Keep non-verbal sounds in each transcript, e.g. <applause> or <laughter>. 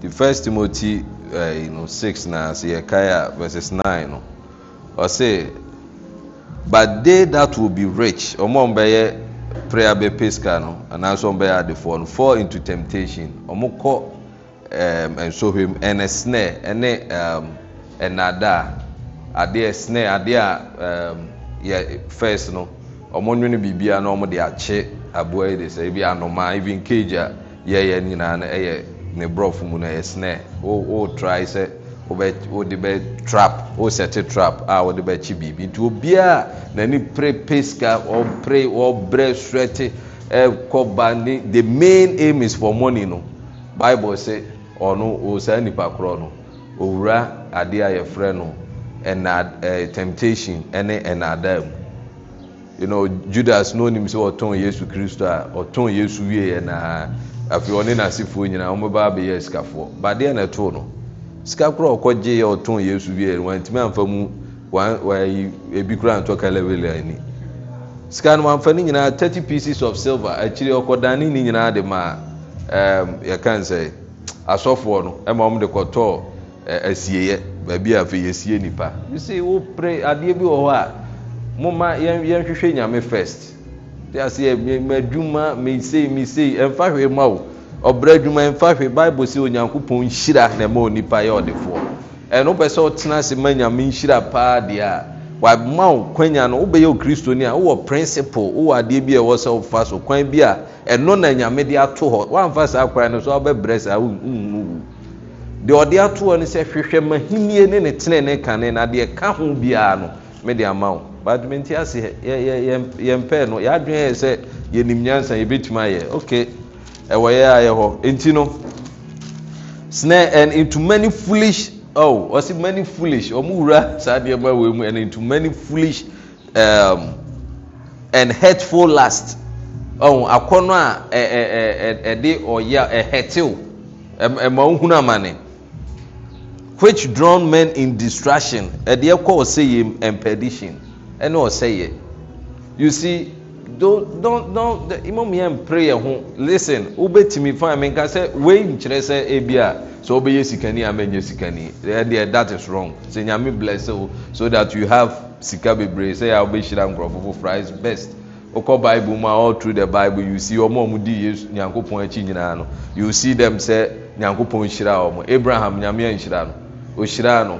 the first timothy eh, you know, six na sɛ yɛkae a verses nine no ɔse but they that will be rich ɔmo a ɔmbɛyɛ prayer bɛ pesca no anaasɛ ɔmbɛyɛ adefoɔ no fall into temptation ɔmo kɔ um, nsohwem ɛnɛ snare ɛne um, ɛnada adeɛ snare adeɛ a um, yɛ first no ɔmo nwene biribia na ɔmo de akye aboa yi de sɛ ebi anoma even cage a yɛyɛ nyinaa no ɛyɛ ne brɔfo mu no yɛ snare o try sɛ O bɛ trap wosɛte trap a wode bɛkye biribi nti obiaa n'ani pre pesca ɔpre ɔbrɛ srɛte ɛkɔba ne the main aim is for money no bible sɛ ɔno ɔsaa nipa korɔ no ɔwura adeɛ a yɛfrɛ no ɛna e, temptation ɛne ɛnaadaa mu you know judas no onim sɛ ɔtɔn yesu kristo a ɔtɔn yesu wie yɛ naa afei ɔne n'asefoɔ nyinaa wɔbɛba abɛyɛ sikafoɔ badeɛ na ɛtoo no sika kora ɔkɔgye yɛ ɔtɔn yesu bi yɛn wantumi anfa mu wayi ebi kora ntɔ kalabele ani sika no wanfa ne nyinaa thirty pieces of silver akyire ɔkɔdane ne nyinaa de ma ɛɛm yɛka nsɛ asɔfoɔ no ɛma wɔn de kɔtɔɔ ɛɛ asieɛ baabi a afei yɛsie nipa yɛ sɛ wopere adeɛ bi wɔ hɔ a mo ma yɛn yɛn hwehwɛ nyame first aseɛ madwuma mesei mesei ɛmfa hwee ma wo ɔbrɛ adwuma ɛmfa hwee bible sɛ onyankopɔn nhyira na ɛma onipa yɛ ɔdefoɔ ɛno wopɛ sɛ ɔtena ase ma nyame nhyira paa deɛ a wama wo kwanya no wobɛyɛ okristoni a wowɔ principle wowɔ adeɛ bi a ɛwɔ sɛ wofa so kwan bi a ɛno na nyame de ato hɔ woamfa saa koran no so wobɛbrɛ saa wonhunu wu deɛ ɔde ato hɔ no sɛ hwehwɛ mahenie ne ne tenene kane na deɛ ka ho biara no mede ama wo badminton ase yɛmpɛɛ no yɛadwenɛ sɛ yɛnim nyansa yɛbɛtumi ayɛ ok ɛwɔ yɛ ayɛ hɔ nti no snare and into many foolish oh ɔsi many foolish ɔmo wura saa nneɛma wɔ mu and into many foolish um, and hurtful last ɔmo oh, akɔnɔ a ɛɛ ɛɛ ɛde ɔya ɛhɛtew ɛma ohun amane which drown men in distraction ɛdeɛ kɔ ɔsɛ yɛm and perdition ɛne ɔsɛyɛ you see don't don't the imam yɛn pray yɛn ho listen wobɛtumi fan mi nka sɛ wei nkyerɛ sɛ ebi a sɛ ɔbɛyɛ sikani ama nye sikani ɛdeɛ that is wrong sɛ nyame bless o so that you have sika bebree sɛ yà ɔbɛhyira nkorɔfo foforɔ is best okɔ bible mu a all through the bible you see wɔn a wɔn di yesu nyankopɔn akyi nyinaa no you see them sɛ nyankopɔn hyira wɔn abraham nyame yɛn hyira no ɔhyira no.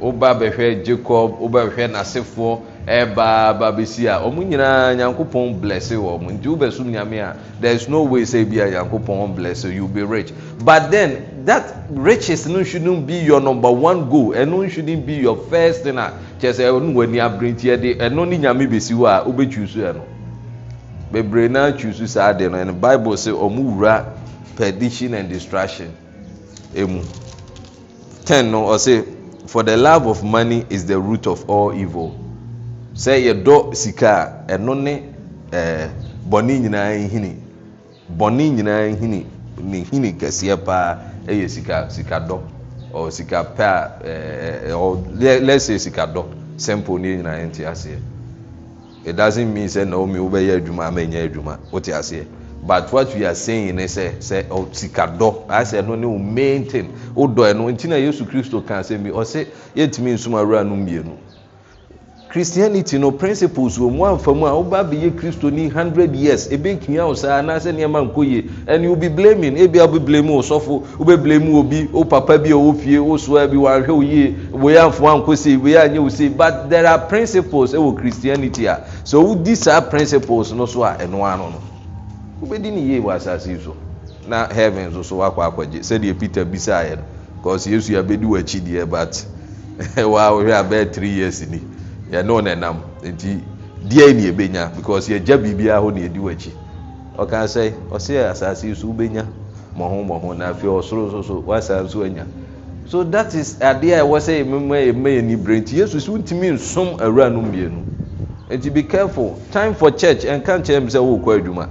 woba bɛhwɛ jacob woba bɛhwɛ n'asefoɔ ɛbaaba e bɛsi a ɔmo nyinaa nyankopɔn blesse wɔ nti wobɛsom nyame a there is no way say bi a nyankopɔn bless you be rich but then that riches no shouldn't be your number one goal ɛno shouldn't be your first thing a kyerɛ sɛ ɛno w'ani abere nti ɛde ɛno ne nyame bɛsi hɔ a wobɛtwi so ɛno bebree naa twi so saa de no ɛno bible wura perdition and destruction emu ten no for the love of money is the root of all evil sɛ yɛdɔ sika a ɛno ne ɛɛ bɔnne nyinaa hini bɔnne nyinaa hini ne hini kɛseɛ paa ɛyɛ sika sika dɔ ɔ sika pɛ a ɛɛ ɔ lɛsɛ sika dɔ simple ne nyinaa yɛn ti aseɛ it doesn't mean sɛ naomi wobɛyɛ adwuma ama nyɛ adwuma wote aseɛ but what we are saying ne sɛ sɛ sikadɔ asɛ no ne o maintain o dɔ ɛno eh, nti na yesu kristo kan sɛ mi ɔsɛ yɛtumi nsum awura no mmienu christianity no principles wɔ mu anfa mu a woba abɛyɛ kristo ni hundred years ebe kia o saa anaasɛ nneɛma nko yie and you be blaming ebi abe blame o sɔfo obe blame o bi o papa bi o fie o soa bi wahwɛ o yie woyɛ anfo anko se woyɛ anya o se but there are principles ɛwɔ e christianity a so wodi saa principles no so a ɛno ano no wobɛdi ne yie wɔ asase so na heaven so so wakɔ akɔgye sɛdeɛ peter bisaeɛ no cause yesu abɛdi w'akyi deɛ but <laughs> waa wɔhwɛ abɛɛ three years ni no na nenam nti deɛ ne yɛbɛnya because yɛgya biribiara hɔ ne yɛdi w'akyi ɔka sɛ ɔsɛ asase yi so wobɛnya mɔho mɔho na afei ɔsoro so so wasa nso anya so that is adeɛ a ɛwɔ sɛ yɛmɛmɛ yɛmɛ yɛn ni brain ti yesu so ntumi nsom awura no mmienu nti be careful time for church nka nkyɛn mi sɛ wɔrekɔ adwuma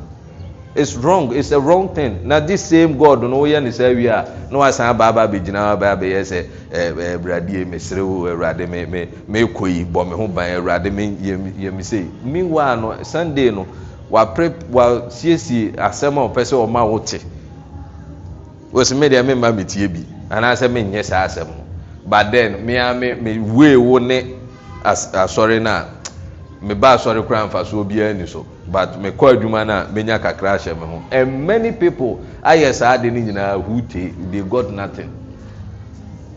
is wrong is a wrong thing na this same god no woyɛ ne saa wie a na wasan Baba abɛgyina abaa abɛyɛ sɛ ɛɛ me mesere wo oh, awurade eh, me me mekɔ yi bɔ me ho ban awurade eh, me ye me say. meanwhile no sunday no wa wapre wasiesie asɛm a wɔpɛ sɛ ɔma wo te wosi me deɛ mema me tie bi anaasɛ menyɛ saa asɛm no but then mea me me we wo ne as asore na meba asɔre kora mfasoɔ biara ni so but mekɔ adwuma no a mɛnya kakra ahyɛ me ho and many people ayɛ saa de no nyinaa who te they got nothing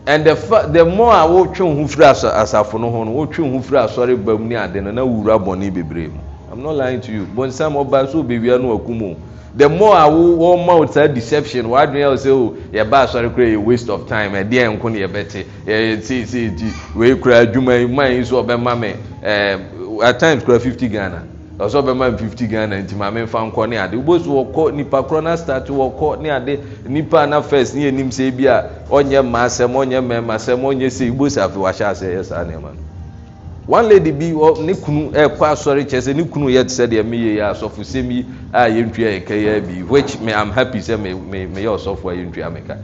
and the fa the more a wotwe ho firi asafo no ho no wotwe ho firi asɔre ba ne ade no na wura bɔne bebree mu i'm not lying to you bɔnsam ɔba nso obewia no wakum o the more a wɔma wo saa deception wadwene ɛwɔ sɛ o oh, ba asɔre kora yɛ waste of time ɛdeɛ nko ne yɛbɛte yɛyɛ tiitiiti wei kora adwuma yi man yi so ɔbɛma me ɛɛ at times kora fifty ghana ɔsɔ bɛma mi fifty ghana nti maame nfa nkɔ ne ade wobɔ so wɔkɔ nipa korɔ na start wɔkɔ ne ade nipa na first ne anim sɛ bi a ɔnyɛ mmaa sɛm ɔnyɛ mmarima sɛm ɔnyɛ sɛ wobɔ so afe wahyɛ asɛ yɛ saa nneɛma no one lady bi ne kunu ɛkɔ asɔre kyerɛ sɛ ne kunu yɛ te sɛ deɛ meyɛ yɛ asɔfo sɛm yi a yɛntua yɛka yɛ bi which me am happy sɛ me me meyɛ ɔsɔfo a yɛntua meka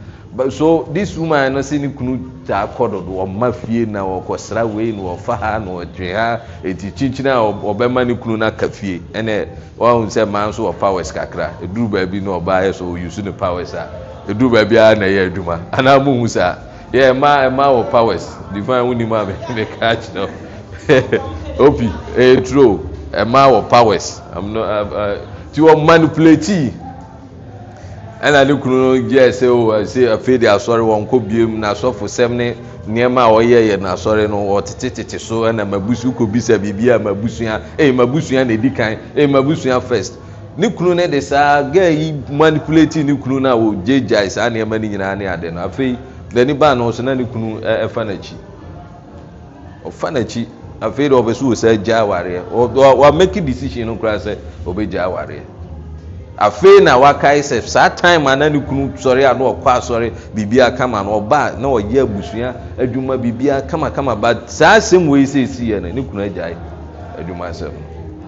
so this woman no sɛ ne kunu taa kɔ dodo ɔma fie na ɔkɔsra wei na ɔfa ha na ɔdwe ha eti kyinkyin a ɔbɛma ne kunu na ka fie ɛnna ɔhun sɛ maa nso wɔ powers kakra eduru baabi na ɔbaa yɛ so ɔyusu ne powers a eduru baabi a na ɛyɛ adwuma anaa mo hu saa yɛ ɛma ɛma wɔ powers divine wo nim a mɛ mɛ kaa kyerɛ o <laughs> opi ɛyɛ e, true ɛma wɔ powers ti wɔ manipulate. ɛna ne kunu no gye sɛ o oh, ɛsɛ afei de asɔre wɔn kɔ biem na asɔfo sɛm ne nneɛma a ɔyɛ yɛ na asɔre no ɔtete tete so ɛna mabusu kɔ bisa biribi a mabusua ɛyɛ mabusua na edi kan ɛyɛ mabusua first ne kunu no de saa gɛɛ yi manipulate ne kunu no a ɔgye gya saa nneɛma no nyinaa ne ade no afei n'ani baa no so na ne kunu ɛfa n'akyi ɔfa n'akyi afei de ɔbɛ so wɔ saa gya awareɛ ɔ ɔ wa make decision no koraa sɛ ɔbɛ gya afei na wakae sɛ saa time ana ne kunu sɔre a na ɔkɔ asɔre biribia kama no ɔba na ɔyɛ abusua adwuma biribia kamakama ba. saa asɛm wei sɛɛsi yɛ no ne kunu agyae adwuma asɛm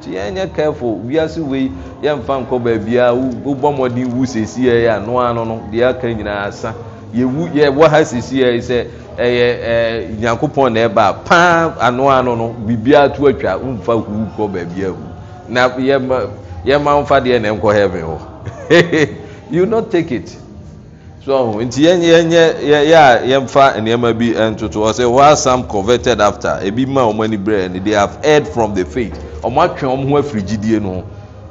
nti yɛnyɛ careful wiase wei yɛmfa nkɔ baabiaa wobɔ mmɔden wu sɛsi yɛ a noa no no deɛ aka nyinaa asa yɛwu yɛwɔ ha sɛsi yɛ sɛ ɛyɛ nyankopɔn na ɛba paa anoa no no biribiaa to atwa mfa huu kɔ baabiaa hu na yɛma yɛ ma nfa deɛ na nkɔ heaven o. <laughs> you not take it so nti yɛn yɛn yɛ yɛ a yɛmfa nneɛma bi ntoto ɔsɛ while some converted after ebi ma wɔn ani brɛ and they have heard from the faith wɔn atwe wɔn ho afiri gyidie no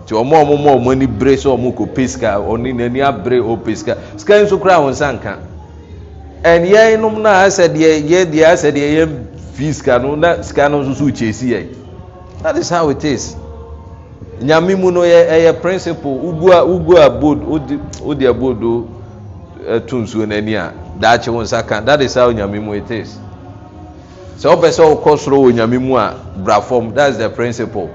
nti wɔn a wɔn ma wɔn ani brɛ sɛ wɔn kɔ pay sika wɔn n'ani abrɛ ɔpay sika sika nso kora wɔn nsa nka and yɛn nom na asɛ deɛ yɛ deɛ asɛ deɛ yɛn fi sika no na sika no nso so kyesi yɛn that is how it is nyame mu no ɛyɛ principle wogu abod wode abodo to nsuo no a daakye wo nsa ka that is how nyame mu it is sɛ wopɛ sɛ wokɔ soro wɔ nyame mu a bra fam that is the principle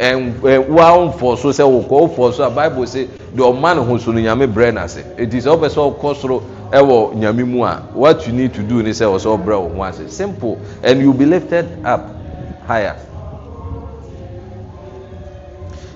woa womfɔ so sɛ wokɔ wofɔ so a bible se deɛ ɔma ne ho so no nyame brɛ no ase ɛnti sɛ sɛ wokɔ soro ɛwɔ nyame mu a what you need to do ne sɛ wɔ sɛ wobrɛ ase simple and you be lifted up higher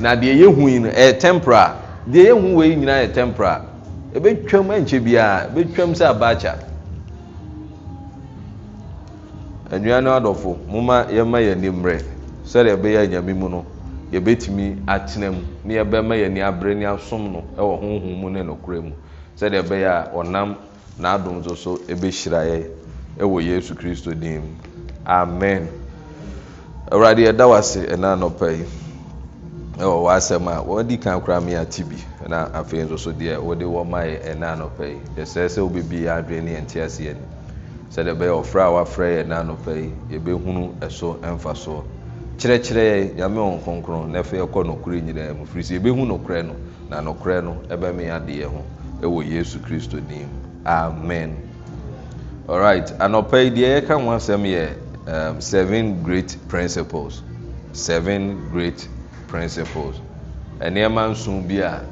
na deɛ yɛ yɛhui no ɛyɛ tempera deɛ yɛ yɛhu wei nyinaa yɛ tempera ɛbɛtwam ankyɛ biaa bɛtwam sɛ abaakya anwua no adɔfo moma yɛma yɛ ani mmerɛ sɛdeɛ ɛbɛyɛ anyame mu no yɛbɛtumi atena mu ne yɛbɛma ni aberɛ ne asom no wɔ honhom mu ne nokorɛ mu sɛdeɛ ɛbɛyɛ a ɔnam n'adom so so bɛhyiraeɛ ɛwɔ yesu kristo din amen awurade yɛda w ase ɛna nɔpa yi wɔasɛm a wɔdi ka koraa meyɛate bi na afei nso so deɛ wode wɔmayɛ ɛna anɔpɛyi yɛsɛe sɛ wobɛbi yɛ adwene ne yɛnteaseɛni sɛdeɛ bɛyɛ ɔfra a woafrɛ yɛ na anɔpɛyi yɛbɛhunu ɛso ɛnfa soɔ kyerɛkyerɛ yɛ nyame wɔ kronkron na afei ɛkɔ nokorɛ nyinaa mu firi sɛ yɛbɛhu nokorɛ no na nokorɛ no ɛbɛme adeɛ ho ɛwɔ yesu kristo nim amen alright anɔpɛyi deɛ yɛka ho asɛm yɛ um, seven great principles seven great principles nnoɔma nson bi a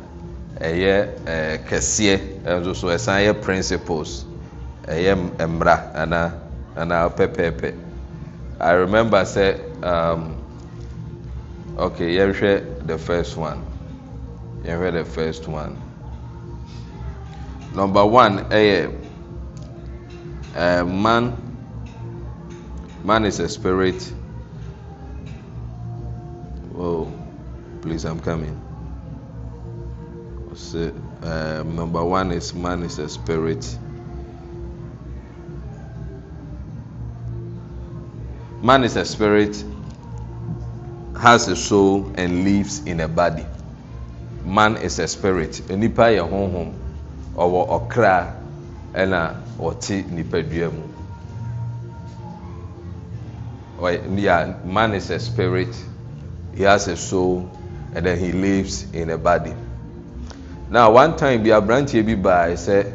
ɛyɛ eh, kɛseɛ nso so ɛsan yɛ principles ɛyɛ mmara anaa pɛpɛɛpɛ i remember sɛ um, okay yɛhwɛ the first one yɛhwɛ the first one number one ɛyɛ uh, man man is a spirit oh please. I'm coming. So, um, number one is man is a spirit. Man is a spirit, has a soul, and lives in a body. Man is a spirit. Nipa yɛ honhom, ɔwɔ ɔkra ɛna oti nipadua duemu. Yeah, man is a spirit. He has a soul and then he lives in a body now one time bi aberanteɛ bi baa sɛ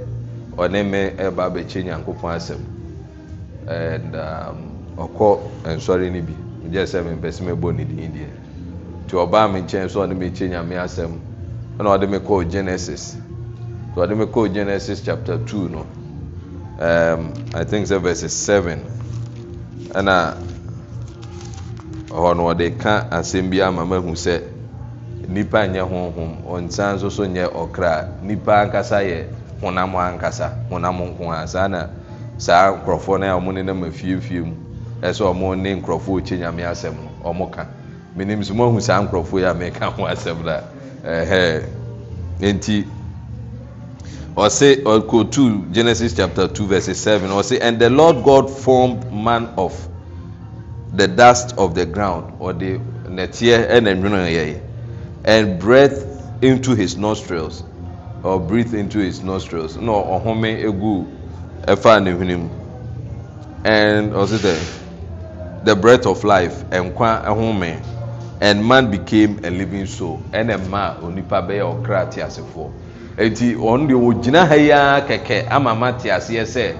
ɔne me ɛba abɛkye nyankopɔn asɛm and um, ɔkɔ nsɔre no bi gye sɛ mepɛ sɛ mebɔ ne din deɛ nti ɔbaa me nkyɛn sɛ ɔne mekye nyame asɛm ɛna ɔde me kɔɔ genesis nti ɔde me kɔɔ genesis chapter two no um, i think sɛ verse seven ɛna ɔhɔ no ɔde ka asɛm bi ama mahu sɛ nnipa nyɛ honhom ɔnsan nso so nyɛ ɔkra nnipa ankasa yɛ honam ankasa honam nko a saa na saa nkurɔfoɔ no a ɔmo ne nam afiefie mu ɛsɛ ɔmo ne nkurɔfoɔ ɔkye nyame asɛm no ɔmo ka menim so moahu saa nkurɔfoɔ yi a meka ho asɛm no ɛhɛ nti ɔse ɔkotu Genesis chapter two verse seven ɔse and the Lord God formed man of the dust of the ground ɔde nɛteɛ ɛna nwene and breath into his nostrils or breathe into his nostrils na ọhome egu ɛfa ne hwene and ɔsi sɛ the breath of life nkwa ɛhome and man became a living soul ɛna mmaa onipa bɛyɛ ɔkra te asefoɔ eti wɔn deɛ wɔgyina ha yi ara kɛkɛ ama ma te aseɛ sɛ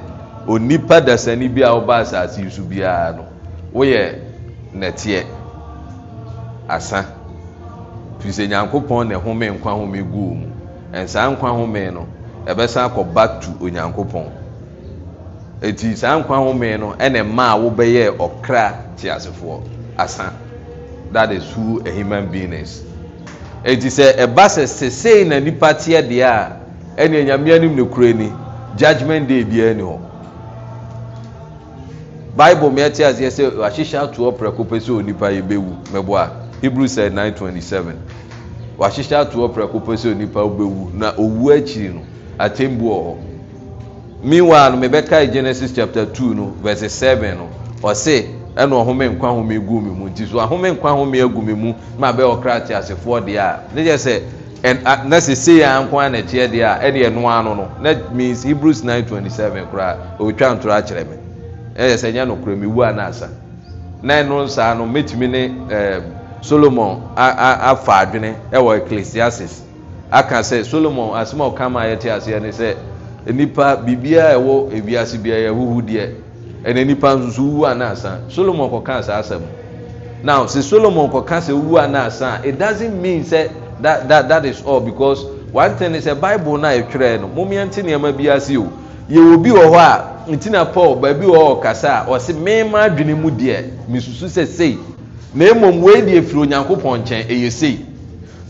onipa dasani bi a ɔba asase yi so biara no wɔyɛ nɛteɛ asa. fiirisɛ nyankopɔn ne home nkwa home goo mu ɛnsaa nkwa home no ɔbɛsan kɔba to onyankopɔn ɛnti saa nkwa home no ne maa wobɛyɛɛ ɔkra teasefoɔ asa thasuu ahuman beigness ɛnti sɛ ɛba sɛ sesei na nipa teɛdeɛ a ne nyaeanomno koroni judgement debiaani hɔ bible mɛteasɛ sɛ ahyehyɛ toɔprɛkɔpɛ sɛ ɔnipayɛbɛu Hebrews said 927 wahyehyɛ atoɔ prɛko pɛ sɛ onipa wobɛwu na owu akyiri no atembu wɔ hɔ meanwhile no mebɛkae genesis chapter 2 no verse 7 no ɔse ɛna ɔhome nkwa home gu me mu nti so ahome nkwa home agu me mu na abɛyɛ ɔkrate asefoɔ deɛ a ne kyɛ sɛ na sesei a nko a n'akyiɛ deɛ a ɛdeɛ no ano no that means hebrews 927 koraa ɔtwa ntoro akyerɛ me ɛyɛ sɛ nyɛ nokorɛ mewu anaasa nine, ɛno nsaa no mɛtumi ne ɛɛ solomon afa adwene ɛwɔ e ecclesiastes aka sɛ solomon asɛm a ɔka ma yɛte aseɛ ne sɛ nipa Bibia ɛwɔ e ewiase biara ɛhuhu deɛ ɛna nipa nso wu anaasa solomon kɔka saa asɛm now sɛ solomon kɔka sɛ wu anaasa it doesn't mean sɛ that that that is all because one thing is sɛ bible na ɛtwerɛ e no mo mìíràn ti nneɛma bi ase o yɛ obi wɔ hɔ a ntina paul baabi wɔ hɔ kasa a ɔsi mɛɛma adwene mu deɛ misusu sɛ sei. na mmom di ɛfiri onyankopɔn nkyɛn ɛyɛ sei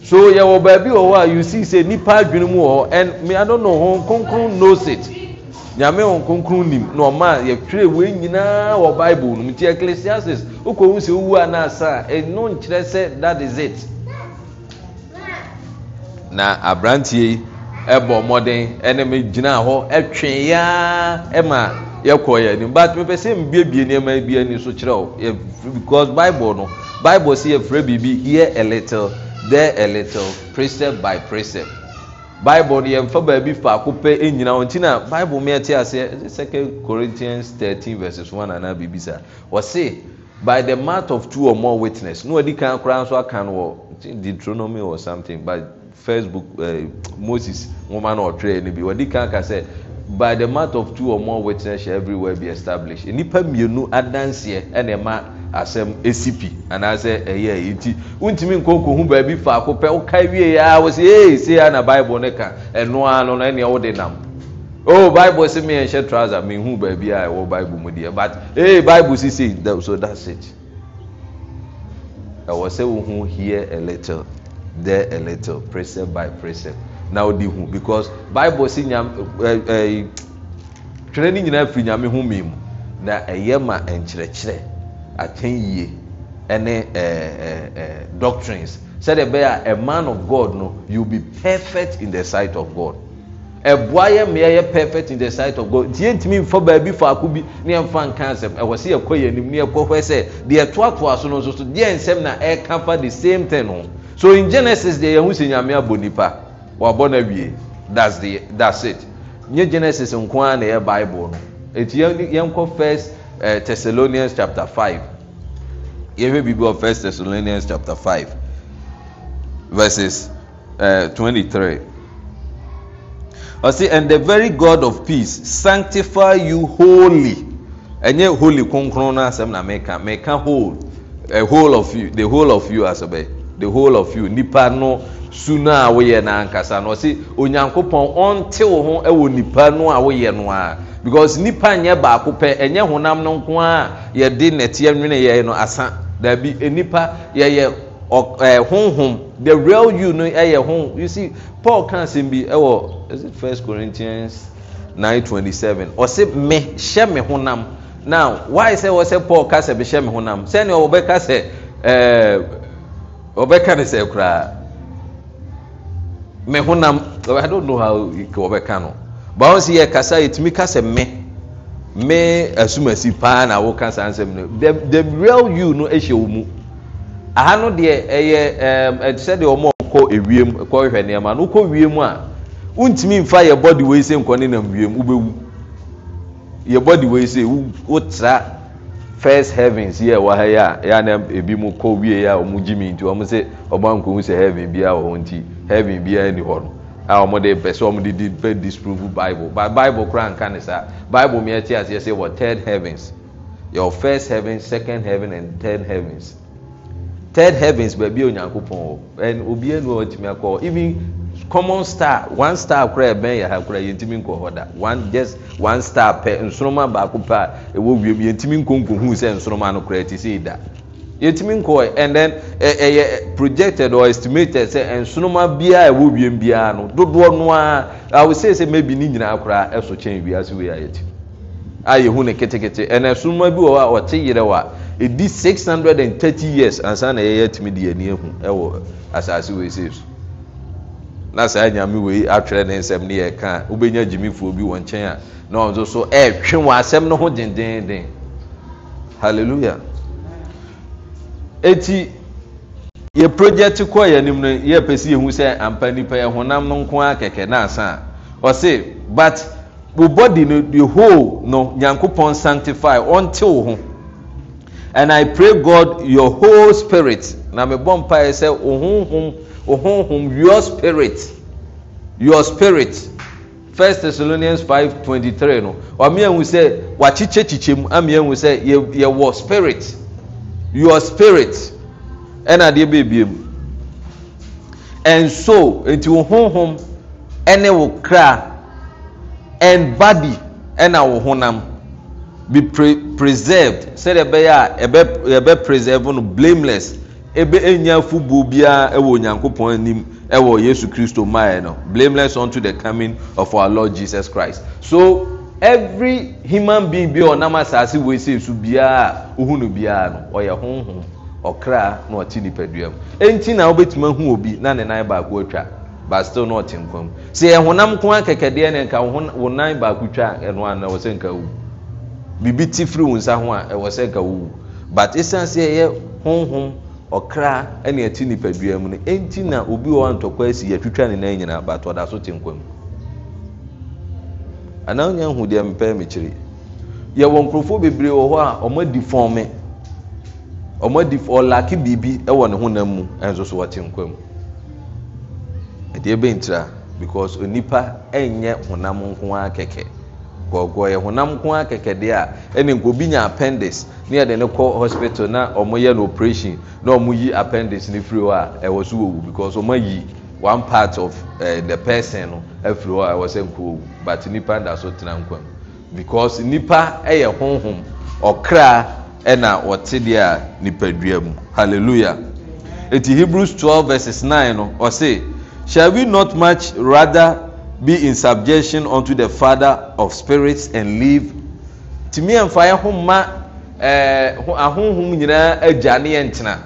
so yɛwɔ baabi wɔ hɔ a yousi sɛ nipa adwene mu wɔ hɔ ɛn i don't know hon kronkron knows it nyame hon kronkron nim na ɔma a yɛtwerɛ wei nyinaa wɔ bible no mu nti ecclesiastes wokɔhu sɛ wowu anaasa a ɛno nkyerɛ sɛ that is it na aberantie ɛbɔ mmɔden ɛne me gyinaa hɔ ɛtweeyaa ɛma yɛkɔ yɛ anim but mepɛ sɛ mbiebie nneɛma bi ani so kyerɛ yɛ because bible no bible sɛ yɛfrɛ biribi here a little there a little precept by precept bible no yɛmfa baabi faako pɛ nyina wɔn nti na bible mi ɛte aseɛ second corinthians thirteen verses one anaa biribi saa wɔse by the mouth of two or more witness na wɔde kan koraa nso aka no wɔ deuteronomy or something but Facebook book uh, eh, moses nwoma na ɔtwerɛ No, bi wɔde kan ka sɛ by the mouth of two or more witnesses everywhere be established nnipa mmienu adanseɛ ɛna ɛma asɛm esi pi anaasɛ ɛyɛ ɛyɛ nti wuntumi nkonko ho baabi faako pɛ ɔka wie ya wɔsi ee se ya na bible ne ka ɛnoa no na ɛnea ɔde nam oh bible si mi nhyɛ trouser mi hu baabi a ɛwɔ bible mu deɛ but ee bible si say that so that's it ɛwɔ sɛ wohu here a little there a little precept by precept na wode hu because bible sɛ twerɛ no nyinaa firi nyame homii mu na ɛyɛ ma nkyerɛkyerɛ atwɛn yie ɛne eh, eh, eh, doctrines sɛdeɛ ɛbɛyɛ a a man of god no you be perfect in the sight of god ɛboa yɛ mmea yɛ perfect in the sight of god nti yɛntumi mfa baabi faako bi ne yɛmfa nka asɛm ɛwɔ sɛ yɛkɔ yɛn anim ne yɛkɔ hwɛ sɛ deɛ toatoa so no nso so deɛ nsɛm na ɛka fa the same thing no so in genesis deɛ yɛn ho sɛ nyame abɔ nipa wabɔ no awie thats the that's it nyɛ genesis nko ara na ɛyɛ bible no ɛnti yɛnkɔ first eh, thessalonians chapter five. yɛhwɛ biribi wɔ first thessalonians chapter five verses uh, eh, 23 ɔsi and the very god of peace sanctify you wholly ɛnyɛ holy kronkron na asɛm na meka meka whole a eh, whole of you the whole of you asɔbɛ the whole of you nnipa no su no a woyɛ no ankasa no ɔse onyankopɔn ɔnte wo ho wɔ nnipa no a woyɛ no a because nnipa nyɛ baako pɛ ɛnyɛ honam no nko a yɛde nnɛteɛ nwene yɛɛ no asa daabi nnipa eh, yɛyɛ eh, honhom the real you no yɛ hon. you see paul ka asɛm bi ɛwɔ is it first corinthians nine twenty 9:27 ɔse me hyɛ me honam now why sɛ wɔ sɛ paul ka sɛ mehyɛ me honam sɛnea wɔbɛka sɛ ɛɛ. Eh, ɔbɛka no sɛ koraa me honam oh, i don't know how ɔbɛka no but ɔn si yɛ kasa yɛtumi kasa me me asumasi paa na woka saa nsɛm no the the real you no ɛhyɛ e, wɔn mu aha no deɛ ɛyɛ e, ɛɛm e, sɛdeɛ wɔn a wɔkɔ ewiem kɔhwɛ nneɛma no wokɔ wiem a wontumi nfa yɛ body wei sɛ nkɔ ne nam wiem wobɛwu yɛ body wei sɛ wotra first heavens yɛ wɔ ha yi a yɛ ana ebi mu kɔ wie a wɔn gyi mi nti wɔn sɛ ɔmo ankohu sɛ heaven bi a wɔ hɔ heaven bi a ɛni hɔ no a wɔn de pɛ sɛ wɔn de di pɛ disprove bible but bible koraa nka ne saa bible mi ɛte aseɛ sɛ wɔ third heavens your first heaven second heaven and third heavens third heavens baabi a onyankopɔn wɔ and obi enu a wɔtumi akɔ even common star one star koraa ɛbɛn yɛ ha koraa yɛntumi da one just one star pɛ nsoroma baako pɛ a ɛwɔ wiem yɛntumi nkɔ nkohu sɛ nsoroma no koraa ti sɛ yɛntumi and then ɛyɛ projected or estimated sɛ nsoroma biara ɛwɔ wiem biara no dodoɔ noa awo sɛ maybe ne nyinaa koraa ɛso kyɛn wiase wei a a yɛhu ne ketekete ɛna nsoroma bi wɔ hɔ na saa nyame wei atwerɛ ne nsɛm ne yɛ ka a wobɛnya gyimifoɔ bi wɔ nkyɛn a na ɔnso so ɛtwe wɔ asɛm no ho dendenden halleluya ɛti yɛ project kɔ yɛ nim no yɛpɛ sɛ yɛhu sɛ ampa nipa yɛ honam no nko a kɛkɛ naasa a ɔse but wo body no the whole no nyankopɔn sanctify ɔnte wo ho and i pray god your whole spirit na mebɔ mpaeɛ sɛ wo honhom ohonhom your spirit your spirit First thessalonians 5:23 no ɔmeahu sɛ wakyekyɛkyikyɛ mu ameahu sɛ yɛwɔ spirit your spirit ɛna adeɛ beebie mu ɛnso nti wo honhom ɛne wo kra and body ɛna wo honam be pre preserved sɛdeɛ ɛbɛyɛ a ɛbɛ ɛbɛ preserve no blameless ebe ɛnya fubuo biara ɛwɔ onyankopɔn anim ɛwɔ yesu kristo maeɛ no blameless unto the coming of our lord jesus christ so every human being bi a ɔnam asase wei sɛ su biara a wohu no biara no ɔyɛ honhom ɔkra na ɔte nipadua mu ɛnti na wobɛtumi ahu obi na ne nan baako atwa but still na ɔte nkwa mu sɛ yɛ honam ko a kɛkɛdeɛ ne nka wo nan baako twa ɛno ana ɛwɔ sɛ nka wo biribi ti firi wo nsa ho a ɛwɔ sɛ nka wo but ɛsiane sɛ ɛyɛ honhom ɔkra ne ati nipadua mu no ɛnti na obi wɔ ntɔkwa asi yɛatwitwa ne na nyinaa bat ɔda so te nkwa mu anaa wonya hu deɛ mpɛɛ mekyere yɛwɔ nkurɔfoɔ bebree wɔ hɔ a ɔmadi fɔme ɔmadi ɔlake biribi wɔ ne honam mu ɛnso so ɔte nkwa mu ɛdeɛ bɛntira because onipa ɛnyɛ honam nko ara kɛkɛ gɔɔgɔɔ yɛ honam nko a a ɛne nka nya appendix ne yɛde ne kɔ hospital na ɔmo yɛ no operation na ɔmo yi appendix ne firi hɔ a ɛwɔ so wɔwu because ɔmo ayi one part of uh, the person no afiri e hɔ a ɛwɔ e sɛ nko wɔwu but nipa da so tena nkwa mu because nipa ɛyɛ e honhom ɔkra ɛna ɔte deɛ a nipadua mu hallelujah eti hebrews twelve verses nine no ɔse shall we not much rather be in subjection unto the father of spirits and live tumi ɛmfa yɛ ho ma ɛɛ eh, ahohom nyinaa agya ne yɛ ntena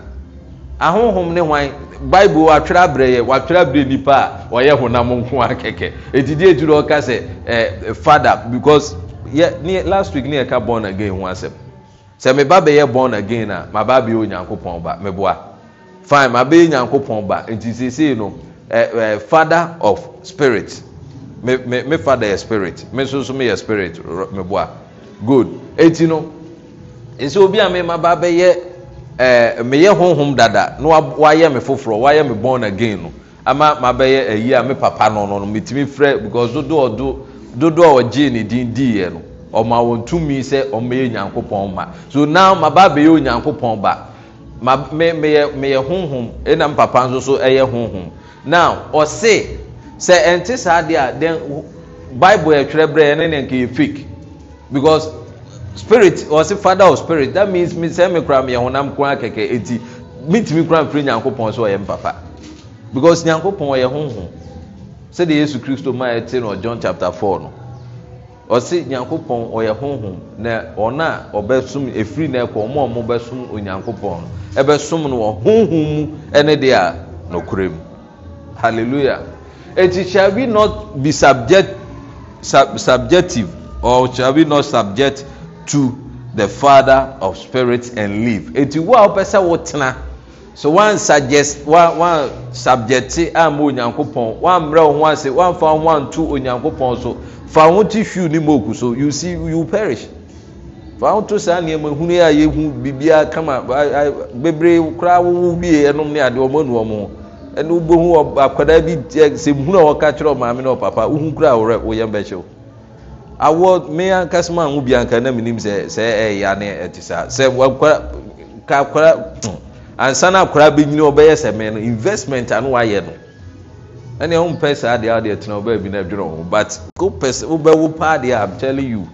ahohom ne hwan bible watwerɛ abrɛ yɛ watwerɛ abrɛ nipa a ɔyɛ honam nko akeke. etidi etu dɛ ɔka sɛ ɛɛ eh, father because yɛ ne last week ni yɛ ka born again ho asɛm sɛ meba bɛyɛ born again a ma ba bɛyɛ onyankopɔn ba mɛboa fine ma bɛyɛ onyankopɔn ba nti seesei no ɛɛ eh, ɛɛ father of spirits me me me father yɛ spirit me nso nso me yɛ spirit me boa good eti no nso obi a me ma ba bɛyɛ ɛɛ eh, meyɛ honhom dada na wayɛ me foforɔ wayɛ me born again no ama ma bɛyɛ ayi a me papa no no no metumi frɛ because dodo ɔdo dodo a ɔgye ne din di yɛ no ɔma wɔn tumi sɛ ɔma yɛ nyankopɔn ma so now ma ba bɛyɛ onyankopɔn ba ma me meyɛ meyɛ honhom ɛna me e papa nso so ɛyɛ e honhom now ɔse sɛ ɛnte saa deɛ a then bible ɛtwerɛ brɛ ɛne ne nka yɛ fake because spirit ɔsi father of spirit that means mi sɛ mi kura mi honam kura kɛkɛ eti mi ntumi kura mfiri nyankopɔn so ɔyɛ mpapa because nyankopɔn ɔyɛ honhom sɛde yesu kristo maa ɛte no john chapter four no ɔsi nyankopɔn ɔyɛ honhom na ɔn a ɔbɛsum efiri na ɛkɔ ɔmo a ɔmo bɛsum onyankopɔn no ɛbɛsum no wɔ honhom ɛne deɛ a mu hallelujah eti shall we not be subject sub, subjective or shall we not subject to the father of spirits and live eti wo a wopɛ sɛ wotena so one suggest one one subject a ah, ma onyankopɔn one mmerɛ wo ho ase one fa ho anto onyankopɔn so fa ho ti hwiu mo moku so you see you perish fa ho to saa nneɛma hunu a yɛhu bibia kama bebree koraa wowu bie ɛnom ne adeɛ ɔmo anu ɔmo ɛne wobɛhu akwadaa bi sɛ muhunu a wɔka kyerɛ ɔmaame ne ɔpapa eh, wohu kura a worɛ woyɛ mbɛhyɛ wo awɔ me ankasa ma ho bi anka na menim sɛ sɛ ɛyɛ ne ɛte saa sɛ wakwara ka akwara hmm. ansa na akwara bɛnyini ɔbɛyɛ sɛ mɛ no investment ano wayɛ no ɛne ɛho mpɛ saa deɛ adeɛ tena ɔbaa bi no adwene ho but wopɛ sɛ wobɛwo paa deɛ am telling you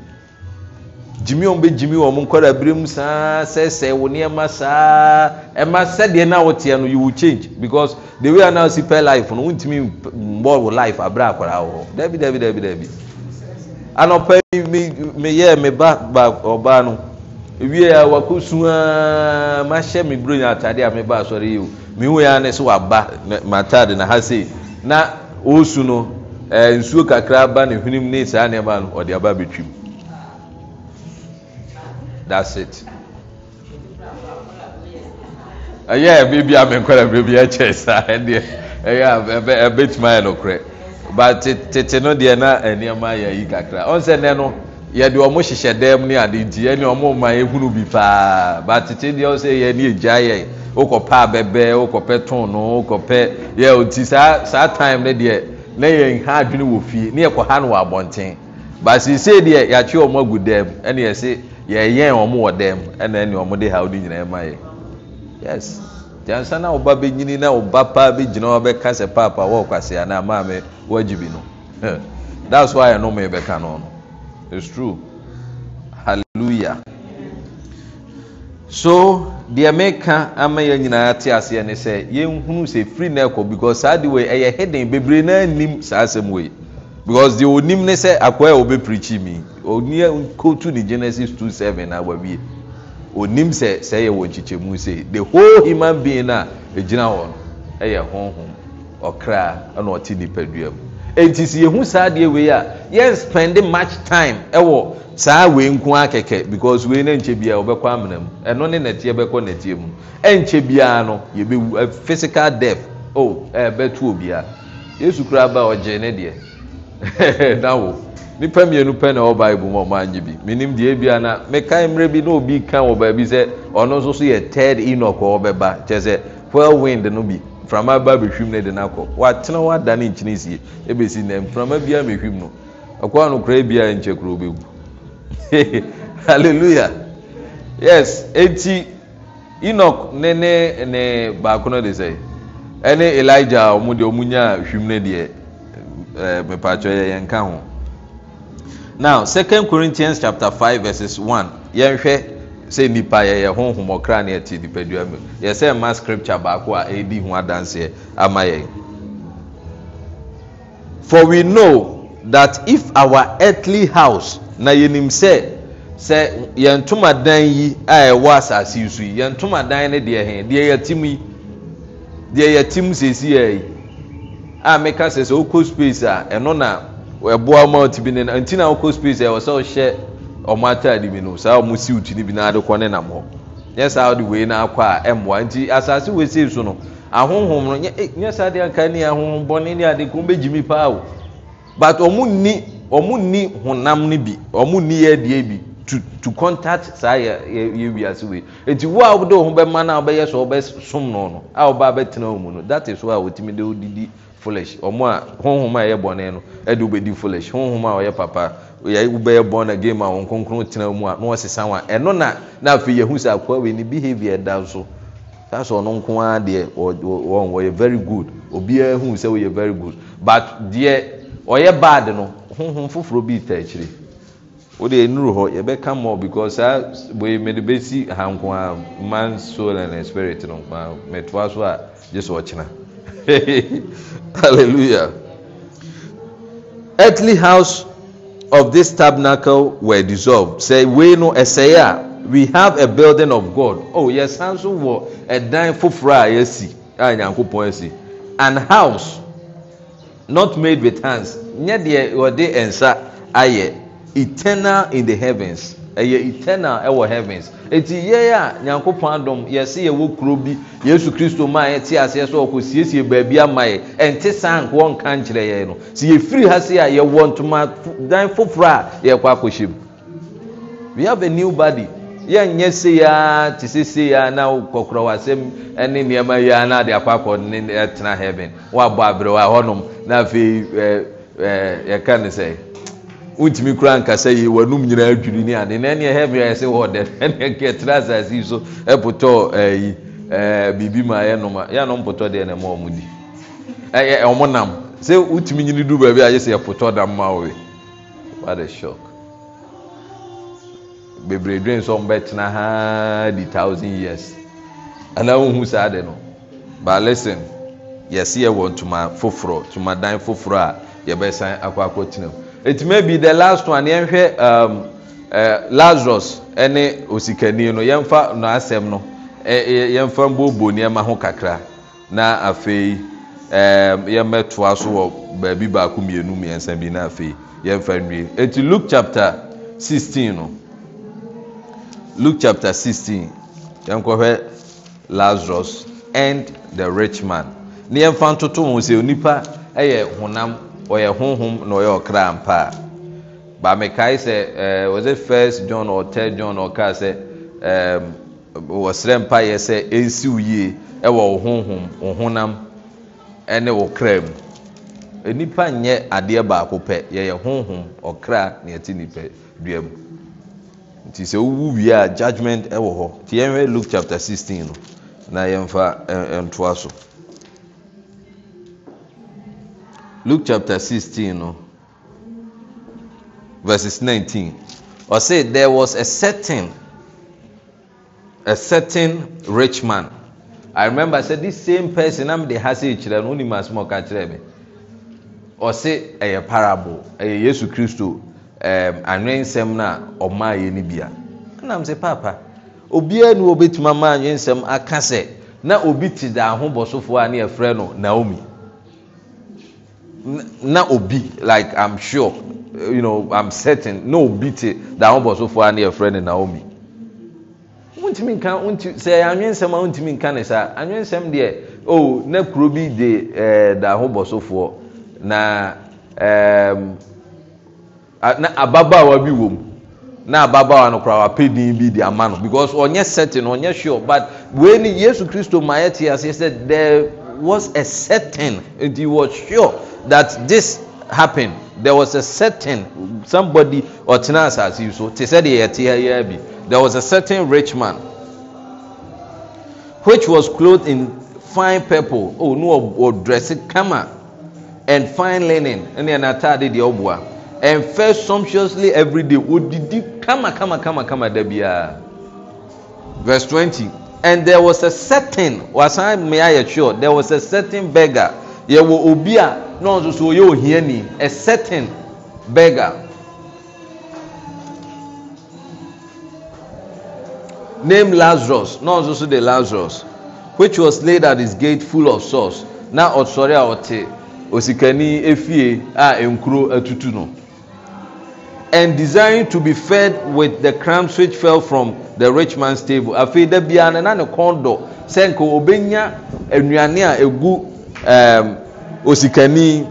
gyimi wɔn bɛ gyimi wɔn nkɔda birim saa sɛsɛ wɔ nneɛma saa ɛma sɛdeɛ na wɔteɛ no you will change because the way anaa si pɛ life no ntumi mbɔ wɔ life abira akwadaa wɔ dɛbi dɛbi dɛbi dɛbi anɔpɛ mi mi yɛ mi ba ba ɔbaa no ewie a wakɔ suaa ma hyɛ mi buro nya ataade a mi ba asɔre yi o mi hu ya ne so waba ma ataade na ha sei na osu no ɛɛ nsuo kakra ba ne hwenem ne saa nneɛma no ɔde aba betwim. thats it ɛyɛ biribia me nkɔda berɛbia kyɛe saa ɛdeɛ ɛyɛ bɛtumi ayɛ nokorɛ but tete no deɛ na nnoɔma uh, yɛ yi kakra ɔn sɛ nɛ no yɛde ɔmo hyehyɛ dam ne ade nti ɛne ɔmoma ehunu bi paa but tete deɛ wo sɛ yɛ ne yɛgyae yɛ wokɔpɛ abɛbɛ wokɔpɛ ton no wokɔpɛ yɛ nti saa time no deɛ na yɛnha adwene wɔ fie ne yɛkɔha no wɔ abɔnten but seesei deɛ yɛakye ɔm agu dam ɛne yɛse yɛyɛn ɔm wɔ dam ɛna ɛne ha haw no nyinaa ɛma yɛ yes ntiansa na woba bɛnyini na woba paa bɛgyina wobɛka sɛ paapa wɔɔkwase ana amaame woagyi bi no <laughs> thats why ɛnome bɛka no no its true hallelujah. so deɛ meka ama yɛ nyinaa te aseɛ ne sɛ yɛnhunu sɛ firi no ɛkɔ because saa de eh, wei eh, ɛyɛ heden bebree noa nnim saa asɛm wei because deɛ onim ne sɛ akɔyɛ a wɔbɛpirikyi mi oni kotu ni genesis two seven na wawie onim sɛ sɛ yɛ wɔ nkyekyɛmu se the whole human being na egyina e hɔ e no ɛyɛ honhom ɔkra ɛna ɔte nipadua mu eti si yehu saa adeɛ wei a yɛn spend much time ɛwɔ e saa wei nko akɛkɛ because wei na nkyɛ biara ɔbɛkɔ amena mu ɛno ne nɛteɛ bɛkɔ nɛteɛ mu ɛnkyɛ biara no yɛbɛwu physical death oh ɛbɛtu obiara yesu kura ba ɔgye ne deɛ. <laughs> na wo nnipa mmienu pɛ ne ɔwɔ bible ma ɔmaanye bi menim deɛ bia na mekae mmerɛ bi na obi ka wɔ baabi sɛ ɔno nso so yɛ tird enok ɔbɛba kyɛr sɛ fal wind no bi mframa ba bɛhwim no de no akɔ watena ho ada ne nkyene sie bɛsi na mframa biaa mɛhwim no ɔkɔa nokoraa biaa nkyɛkuro bɛgu <laughs> halleluya yes ɛnti enok ne ne ne baako no de sɛ ɛne elija ɔmo deɛ ɔmunyaa hwim no deɛ ɛɛ yɛ yɛn ka ho now second corinthians chapter five verses one yɛn hwɛ sɛ nipa yɛyɛ honhom ɔkra ne ɛte nipadua mu yɛsɛ mma scripture baako a ɛredi ho adanseɛ ama yɛn for we know that if our earthly house na yɛnim sɛ sɛ yɛn tomadan yi a ɛwɔ asase yi so yi yɛn tomadan ne deɛ hɛn deɛ yɛtim yi deɛ yɛtim sɛsi yɛ yi. a ah, meka sɛ sɛ wokɔ space a ɛno na ɛboa ma ne nti na wokɔ space a ɛwɔ e sɛ ɔhyɛ ɔmo ataade bi no saa ɔmo si bi kɔ ne nam hɔ na akɔ a ɛmboa e nti asase wee so no ahohom saa deɛ nka ne ahohom bɔne ne ade kɔn mi paa o but ɔmo ni ɔmo ni honam ne bi ɔmo ni yɛ deɛ bi to saa yɛ yɛ yɛ wei eti wo a wode na a wobaa bɛtena no that is why foolish ɔmo a honhom a ɛyɛ bɔne no ɛde wobɛdi foolish honhom a ɔyɛ papa yɛ wobɛyɛ bɔne game a wɔn kronkron tena mu a na wɔsesa wɔn a ɛno na na afei yɛhu sɛ akoa wei ne behavior da so That's sɛ ɔno nko ara deɛ wɔn wɔyɛ very good obiara hu sɛ wɔyɛ very good but deɛ ɔyɛ bad no honhom foforɔ bi ta akyire wode enuru hɔ yɛbɛka mɔ because saa wei mɛde bɛsi ha nko ara man soul and spirit no nko ara mɛtoa so a gye so ɔkyena. <laughs> Hallelujah. Earthly house of this tabernacle were dissolved. Say, we no esaya. we have a building of God. Oh, yɛsan so wɔ ɛdan foforɔ a yɛsi a Nyankopɔn asi. An house not made with hands. Nyɛ deɛ wɔde nsa ayɛ eternal in the heavens. ɛyɛ eternal ɛwɔ heavens eti yɛn a nyankopɔn adom yɛsi yɛwɔ kuro bi yesu kristo maa yɛ te aseɛ sɛ ɔkɔ siesie baabi ama yɛ ɛnte san nko ɔnka nkyerɛ yɛn no si yɛfiri ha se a yɛwɔ ntoma dan foforɔ a yɛkɔ akɔhyɛ mu we have a new body yɛnyɛ se yaa te se se yaa na kɔkɔrɔ wasɛm ɛne nneɛma yaa na de akɔ akɔ ne ɛtena heaven wabɔ abrɛ wɔ hɔnom na afei ɛɛ ɛɛ yɛka ne sɛ. wontumi kora ankasa yi w'anom nyinaa adwiri ne ade na ɛneɛ heaven ayɛ sɛ wɔ dɛ ɛneɛ <laughs> kɛtena asase yi so ɛpotɔ ɛyi ɛɛ biribi ma ayɛ nom a yɛ anɔ mpotɔ deɛ na ɛma ɔmo di ɛyɛ ɔmo nam sɛ wotumi nyini du baabi a yɛ sɛ ɛpotɔ dam ma wɔwe what a shock bebree dwen sɛ ɔmo bɛtena haa di thousand years anaa ohun saa de no but listen yɛsi yɛ wɔ ntoma foforɔ ntoma dan foforɔ a yɛbɛsan akɔ akɔ tena mu. It may be the last one yɛnhwɛ um, eh, Lazarus, ɛne osikani no yɛmfa noasɛm no eh, eh, yɛmfa mbɔɔbo nneɛma ho kakra na afei um, yɛmmɛtoa so wɔ baabi baako mmienu mmiɛnsa bi na afei yɛmfa nwie ɛti luke chapter sixteen. no luke chapter 16 yɛnkɔhwɛ Lazarus and the rich man ne yɛmfa ntoto ho sɛ onipa yɛ honam ɔyɛ honhom na ɔyɛ ɔkra mpa a ba mekae sɛ eh, ɛɛ wɔsɛ first john or third john ɔkaa sɛ ɛɛ eh, wɔsrɛ mpa yɛ sɛ ɛnsiw yie ɛwɔ e wo honhom wo honam ɛne e wo kra mu nnipa nyɛ adeɛ baako pɛ yɛyɛ honhom ɔkra na yɛte nnipa dua mu nti sɛ wowu wie a judgement ɛwɔ hɔ nti yɛnhwɛ luke chapter sixteen no na yɛmfa ɛntoa so. luke chapter sixteen, no verses 19 say there was a certain a certain rich man i remember sɛ this same person am de ha sɛ ekyirɛ no onim asɛm ɔka kyerɛ mi ɔse ɛyɛ parable ɛyɛ yesu kristo ɛɛm um, anwɛnsɛm na ɔmaa yɛ ni bia ɛnam sɛ paapa obiara ni obetuma maa anwɛnsɛm aka sɛ na obi ti da ahobɔsofoɔ a ne yɛfrɛ no naomi na obi like i'm sure you know i'm certain na obi te da ahobɔ sofoɔ a ne yɛfrɛ no naomi wontumi nka wontu sɛ anwensɛm a wontumi nka ne saa anwensɛm deɛ o oh, na kuro bi de ɛɛ eh, da ahobɔ sofoɔ na ɛɛm ehm, na ababaawa bi wɔ mu na ababaawa no koraa wapɛ din bi de ama no because ɔnyɛ certain ɔnyɛ sure but wei ni yesu kristo maa yɛ te aseɛ sɛ dɛɛ. was a certain, and he was sure that this happened. There was a certain somebody or tenants as you so. There was a certain rich man which was clothed in fine purple. Oh no, or dress kama and fine linen. And he atade the obwa and fed sumptuously every day. Oh, did kama kama kama kama debia. Verse 20. and there was a certain wasan mmea yɛ twerɛ there was a certain beggar yɛwɔ obi a na ɔno nso ɔyɛ ohiani a certain beggar named lazarus na ɔno nso de lazarus which was laid at his gate full of sores na ɔsɔre a ɔte osikani efie a nkuro atutu no and designed to be fed with the crumbs which fell from the rich man's table afei da biara no na ne kɔn dɔ sɛ nka obenya nnuane a egu ehm, osikani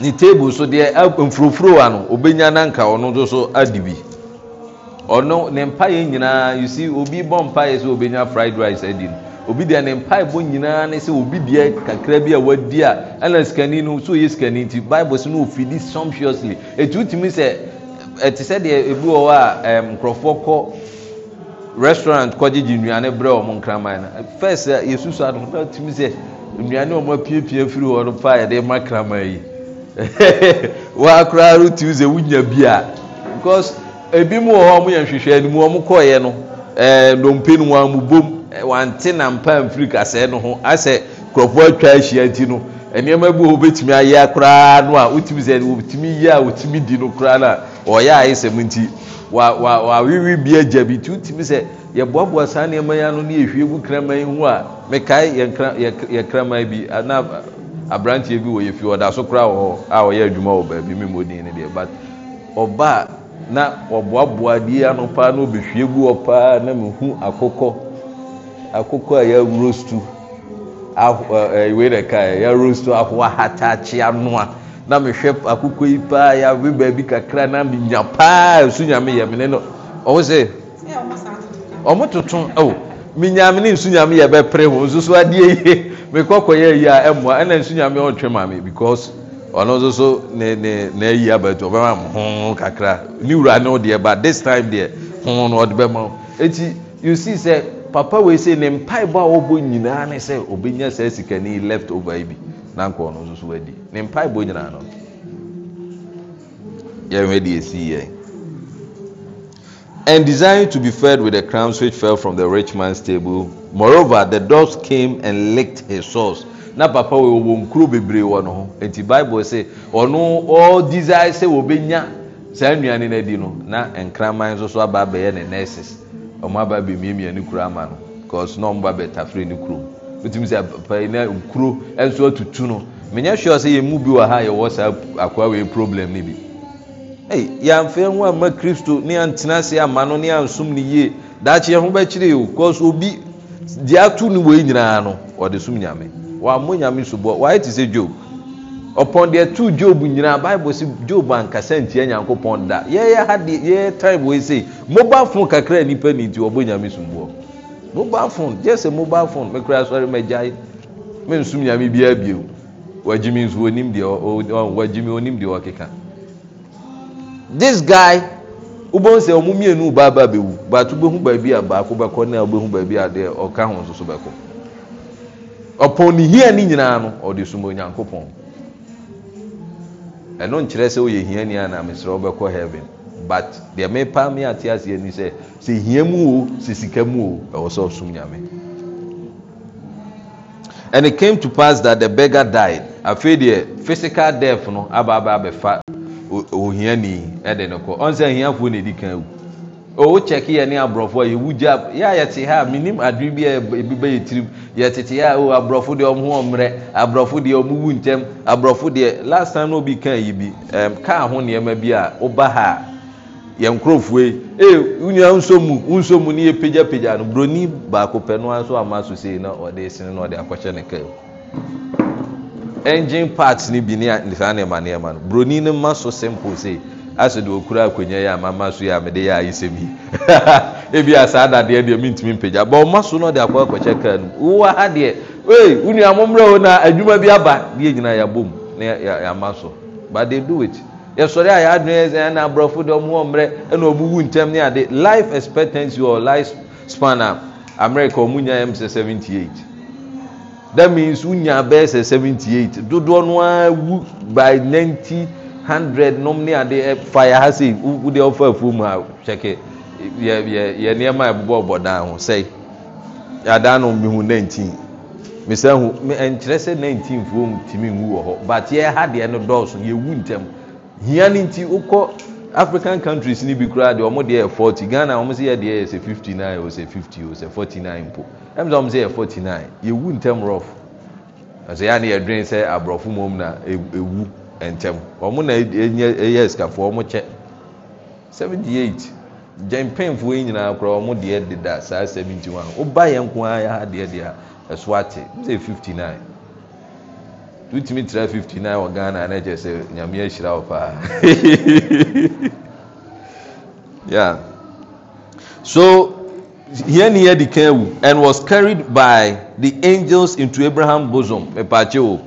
ne table so deɛ mfurofuro ano obenya na nka ɔno nso so adi bi ɔno ne mpaeɛ nyinaa you see obi bɔ mpaeɛ sɛ obenya fried rice adi no obi deɛ ne mpaebɔ nyinaa ne sɛ obi deɛ kakra bi a wadi a ɛna sikani no so yɛ sikani nti bible so no ofidi sumptuously etu tumi sɛ ɛte sɛ deɛ ebi wɔ hɔ a ɛm nkorɔfoɔ kɔ restaurant kɔgyegye nnuane brɛ wɔn nkraman na first yɛsu so adum na tumi sɛ nnuane wɔn apiepie firi hɔ no paa yɛde ma kraman yi <laughs> wɔakora rotiw sɛ wunya bi a because ebi mu wɔ hɔ a wɔn yɛ nhwehwɛ anim wɔn kɔɔɛ no ɛɛ ndompe no wɔn amubom wante na mpa mfiri kaseɛ no ho asɛ nkurɔfoɔ atwa ahyia nti no nneɛma bi wɔ wobɛtumi ayɛ koraa no a wotumi sɛ wotumi yɛ a wotumi di no koraa no a ɔyɛ ayɛ sɛm nti wawewe bi agya bi nti wotumi sɛ yɛboaboa saa nneɛma yi ano ne yɛhwie gu kraman ho a mekae yɛ kraman bi ana aberanteɛ bi wɔ yɛ fie ɔda so koraa wɔ hɔ a ɔyɛ adwuma wɔ baabi memɔdin no deɛ but ɔba na ɔboaboa adeɛ ano paa na ɔbɛhwie gu hɔ paa na mehu akokɔ akokɔ a yɛrostu iwei dɛka yɛrostu ahoa hatakye anoa na mehwɛ akokɔ yi paa yɛawe baabi kakra na menya paa ɛsu nyame yɛ mene no ɔwo sɛ ɔmo toto o menyame ne nsu nyame yɛ bɛpere ho nso so adeɛ yie mekɔkɔ yɛ yi a ɛmmoa ɛna nsu nyame ɔntwe maame because ɔno nso so ne ne n'ayi abɛto ɔbɛma mo kakra ne wura ne wo deɛ ba this time deɛ ho no ɔde bɛma wo eti you see sɛ papa wei sɛ ne mpaebɔ a wɔbɔ nyinaa ne sɛ ɔbɛnya saa sikani left over yi bi na nkɔɔ no nso so wadi ne mpaebɔ nyinaa no yɛhwɛ deɛ ɛsii yɛn and designed to be fed with the crumbs which fell from the rich man's table moreover the dogs came and licked his sores na papa wei wɔwɔ nkuro bebree wɔ no ho nti bible sɛ ɔno ɔdesire sɛ wɔbɛnya saa nnuane no adi no na nkraman nso so aba abɛyɛ ne nurses ɔmo aba bɛmiamia ne kuro ama no cause na ɔmo ba bɛtafere ne kuro wotumi sɛ pɛɛ na kuro, nso atutu no menyɛ hwɛ sɛ yɛn mu bi wɔ ha yɛwɔ saa akwa wei problem ne bi ɛy yɛamfɛ ho ama kristo ne yɛntena ase ama no ne yɛnsom ne yie daakye ho bɛkyerɛ o cause obi deɛ ato ne wɔ yi nyinaa no ɔde som nyame wɔammo nyame sobɔ wɔayɛ te sɛ dwob ọpọn deɛ tuu job nyinaa bible si job ankasa ntia nyankopɔn da yɛyɛ ha de yɛyɛ tribe wei sei mobile phone kakra nipa ni nti ɔbɔ nyame sumboɔ mobile phone gye sɛ mobile phone mekura asɔre mɛgyae me nsum nyame biara bio wagyimi nso onim deɛ ɔ wagyimi onim deɛ ɔkeka this guy wobɛhu sɛ ɔmo mmienu baaba bɛwu baatu bɛhu baabi a baako bɛkɔ na wobɛhu baabi a deɛ ɔka ho nso so bɛkɔ ɔpɔn ne hia ne nyinaa no ɔde sum onyankopɔn. ɛno nkyerɛ sɛ woyɛ ni ana mesrɛ wobɛkɔ heaven but deɛ mepa me ate aseɛ ni sɛ sɛ hia mu o sɛ sika mu o ɛwɔ sɛ ɔsom nyame and it came to pass that the beggar died afei deɛ physical death no aba aba abɛfa ohiani ɛde ne kɔ ɔn sɛ ahiafoɔ na ɛdi kan wu owo kyɛke yɛ ne aborɔfo a yɛwu gya yɛ a yɛte ha a menim adwene bi a ebi bɛ yɛ tirim yɛtete ha oh, o aborɔfo deɛ ɔmo ho aborɔfo deɛ ɔmo wu ntɛm aborɔfo deɛ last time na obi kaa yi bi ɛm um, kaa ho nneɛma bi a ah, ɔba ha a yɛn yi ee nnua nso mu nso mu ne yɛ pagyapagya no broni baako pɛ no nso ama so sei na ɔde sin na ɔde akɔkyɛ ne kaa engine parts ni bi ne saa nneɛma nneɛma no broni ne ma so simple sei asɛ de ɔkura akonnwa yɛ amama so yɛ a mede yɛ a yɛsɛm yi <laughs> ebia saa dadeɛ deɛ mentumi mpagya bɔ ɔma so no ɔde akɔ akɔkyɛ kaa no wowa ha deɛ ei wo nua mommerɛ hɔ na adwuma bi aba deɛ nyinaa yɛabom na yɛama so but they do it yɛsɔre a yɛadwene sɛ ɛna aborɔfo de ɔmo ɔmmerɛ ɛna ɔmo wu ntɛm ne ade life expectancy or life span a america ɔmo nya yɛm sɛ seventy eight that means wunya bɛɛ sɛ seventy eight dodoɔ no ara wu by ninety. Hundred, nom ne ade eh, faya ha sei wode wofa afuo mu a hwɛke yɛ nneɛma a ɛbobɔ bɔ dan ho sɛi adan no mehu 19 mesa hu ɛnkyerɛ sɛ 19 foɔ tumi nwu wɔ hɔ but yɛha deɛ no dɔɔso yɛwu ntɛm hia no nti wokɔ african countries ni bi koraa deɛ ɔmo deɛ yɛ 40 ghana ɔmo sɛ yɛ deɛ yɛ sɛ 59 o sɛ 50 o sɛ 49 mpo ɛm sɛ ɔmo sɛ yɛ 49 yɛwu ntɛm rough ɛsɛ yɛ a ne yɛdwen sɛ aborɔfo mom na ɛwu e, e ɛntɛm ɔmo ne ɛyɛ asikafoɔ ɔmo kyɛ 78 gyenpanfo yi nyinaa koraa ɔmo deɛ de da saa 71 woba yɛnko a yɛhadeɛde a ɛso ate msɛ 59 diotumi tira 59 ɔghanaa na ɛkyɛ sɛ nyameɛ ahyira wɔ paa <laughs> so hianiɛ adi ka wu and was carried by the angels into abraham bosom mepake o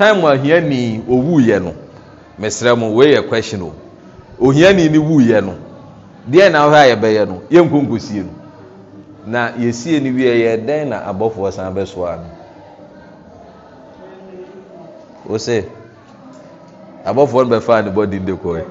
time owu ɔwuiɛ no mesrɛ mo wei yɛ question o Ohia ohiani ne wuiɛ no deɛ na wohɔ a yɛbɛyɛ no sie no na yɛsie no wie yɛ dɛn na abɔfoɔ san bɛsoaa no wo se abɔfoɔ no bɛfaa ne bɔdi de kɔɛ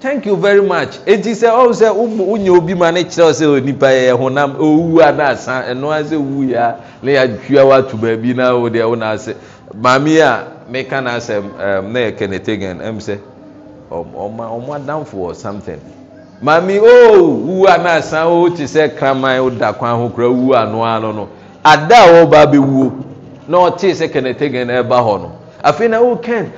thank you very much eti sɛ ɔwɔ sɛ wonyɛ obi ma ne kyerɛ sɛ onipa yɛ honam owu a na asa ɛno asɛ wu yɛ a ne yɛatwia wato baabi na wo deɛ wo na ase mame a meka no asɛm na yɛkɛ ne tagan m sɛ ɔmo adamfoɔ something mame wu anaasan wote sɛ kraman woda kwan ho kora wu anoaa no no ada a wɔbaa bɛwuo na ɔtee sɛ kɛne tagan ɛba hɔ no afei na woken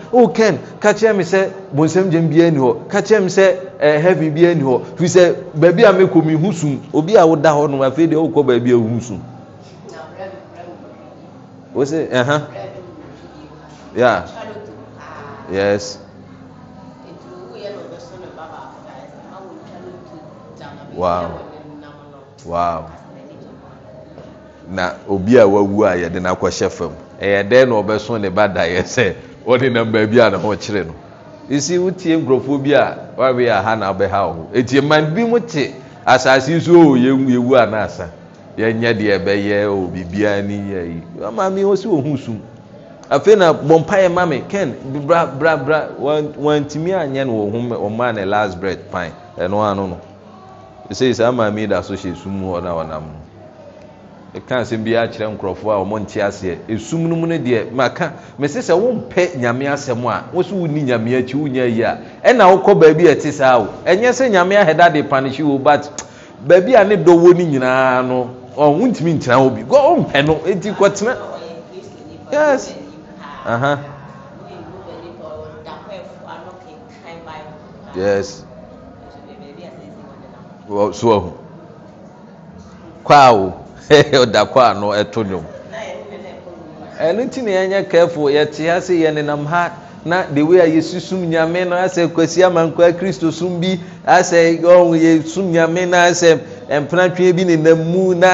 ka kyerɛ me sɛ bonsɛm gyem biaa ni hɔ ka kyerɛ me sɛ heavy biaa ni hɔ firi sɛ baabi a mɛkɔmehu sum obi a woda hɔ nom afei deɛ wokɔ baabi a wohu sum wo se ɛha Yeah. Yes. Wow. Wow. Na obi a wawu a yɛde no akɔhyɛ fam ɛyɛ dɛn na ɔbɛso ne ba daeɛ sɛ ɔne nam baabi a ne ho kyerɛ no ɛsi wotie nkurɔfoɔ bi a wabeyɛ aha na wobɛha wo ho ɛti man bi mu te asase nso o oh, yɛwu anaasa yɛnyɛ deɛ ɛbɛyɛ o oh, biribiara ni yɛ yi ama mi wɔ si wɔ ho sum afei na bɔmpaeɛ ma me ken brabra wantumi anyɛ no ɔmaa ne last bread pan ɛno ano no ɛsei saa maame da so hyɛ sum hɔ na ɔnam no ɛka asɛm biaa kyerɛ nkurɔfoɔ a ɔmɔ nte aseɛ ɛsum no mu no deɛ maka mese sɛ wompɛ nyame asɛm a wo so wonni nyame akyi wonya yi a ɛna wokɔ baabi a ɛte saa o ɛnyɛ sɛ nyame ahɛda de panehye o but baabi a ne dɔ wɔ no nyinaa no ɔwontumi nkyina hɔ bi ɔmpɛ no ɛnti kɔtena yes Uh-huh. so ahu kwaa wo ɔda kwaa no ɛto dwom ɛno nti ne yɛnyɛ ya yɛte ha sɛ yɛ nenam ha na the way a yɛsi sum nyame no asɛ kwasi amankoa kristo sum bi asɛ ɔn oh, yɛsum nyame na ase. mpenatwe bi ne mu na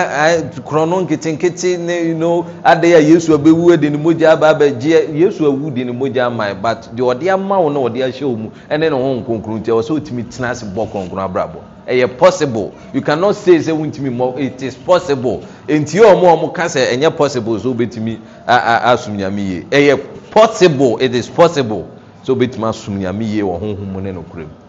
korɔno nketenkete ne no adeɛ a yesu abɛwu adi ne mogya aba abɛgye yesu awu di ne mogya ama but deɛ ɔde ama wo na ɔde ahyɛ wo mu ɛne ne ho nkonkron nti ɛwɔ sɛ wotumi tena ase bɔ kronkron abrabɔ ɛyɛ possible you cannot say sɛ wontumi mmɔ it is possible nti ɔmo a ɔmo ka sɛ ɛnyɛ possible so wobɛtumi asum nyame yie ɛyɛ possible it is possible so wobɛtumi asum nyame yie wɔ honhom mu ne nokorɛ mu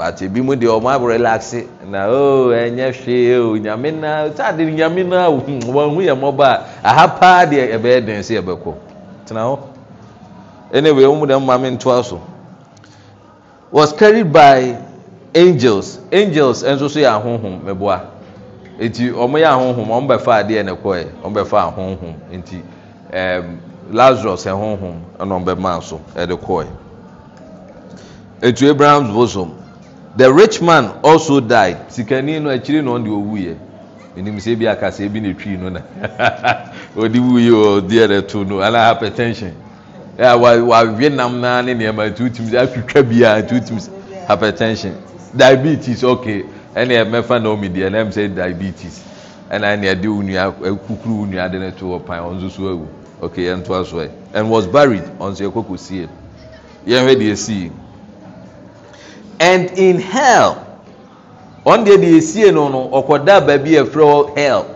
but ebi mu deɛ ɔmo abrelakse na oo ɛnyɛ hwee oo nyame na taade nyame na wɔn ho yɛ mɔba a aha paa deɛ ɛbɛyɛ den se ɛbɛkɔ tena hɔ anyway wɔn mu dɛm maame ntoa so was carried by angels angels nso so yɛ ahohom mɛboa eti ɔmo yɛ ahohom ɔmo bɛfa adeɛ na ɛkɔɛ ɔmo bɛfa ahohom nti ɛɛm lazarus ahohom ɛna ɔmo bɛmaa so ɛde kɔɛ etu abraham's bosom the rich man also died sikani no akyiri na ɔde owuiɛ enim sɛ ebi akasa ebi na etwi no na <laughs> ɔde wuiɛ ɔdeɛ na ɛto no ana hypertension ɛa wa wawe nam na ne nneɛma tuutum sɛ atwitwa bia tuutum sɛ hypertension diabetes okay ɛna ɛmɛfa na ɔmi deɛ ɛna sɛ diabetes ɛna ɛna ɛde onua ekukuru onua de ne to wɔ pan ɔnso so okay yɛn to aso and was buried ɔnso yɛ koko sie yɛn hwɛ deɛ sie and in hell ɔn deɛ deɛ esie no no ɔkɔda baabi a ɛfrɛ hell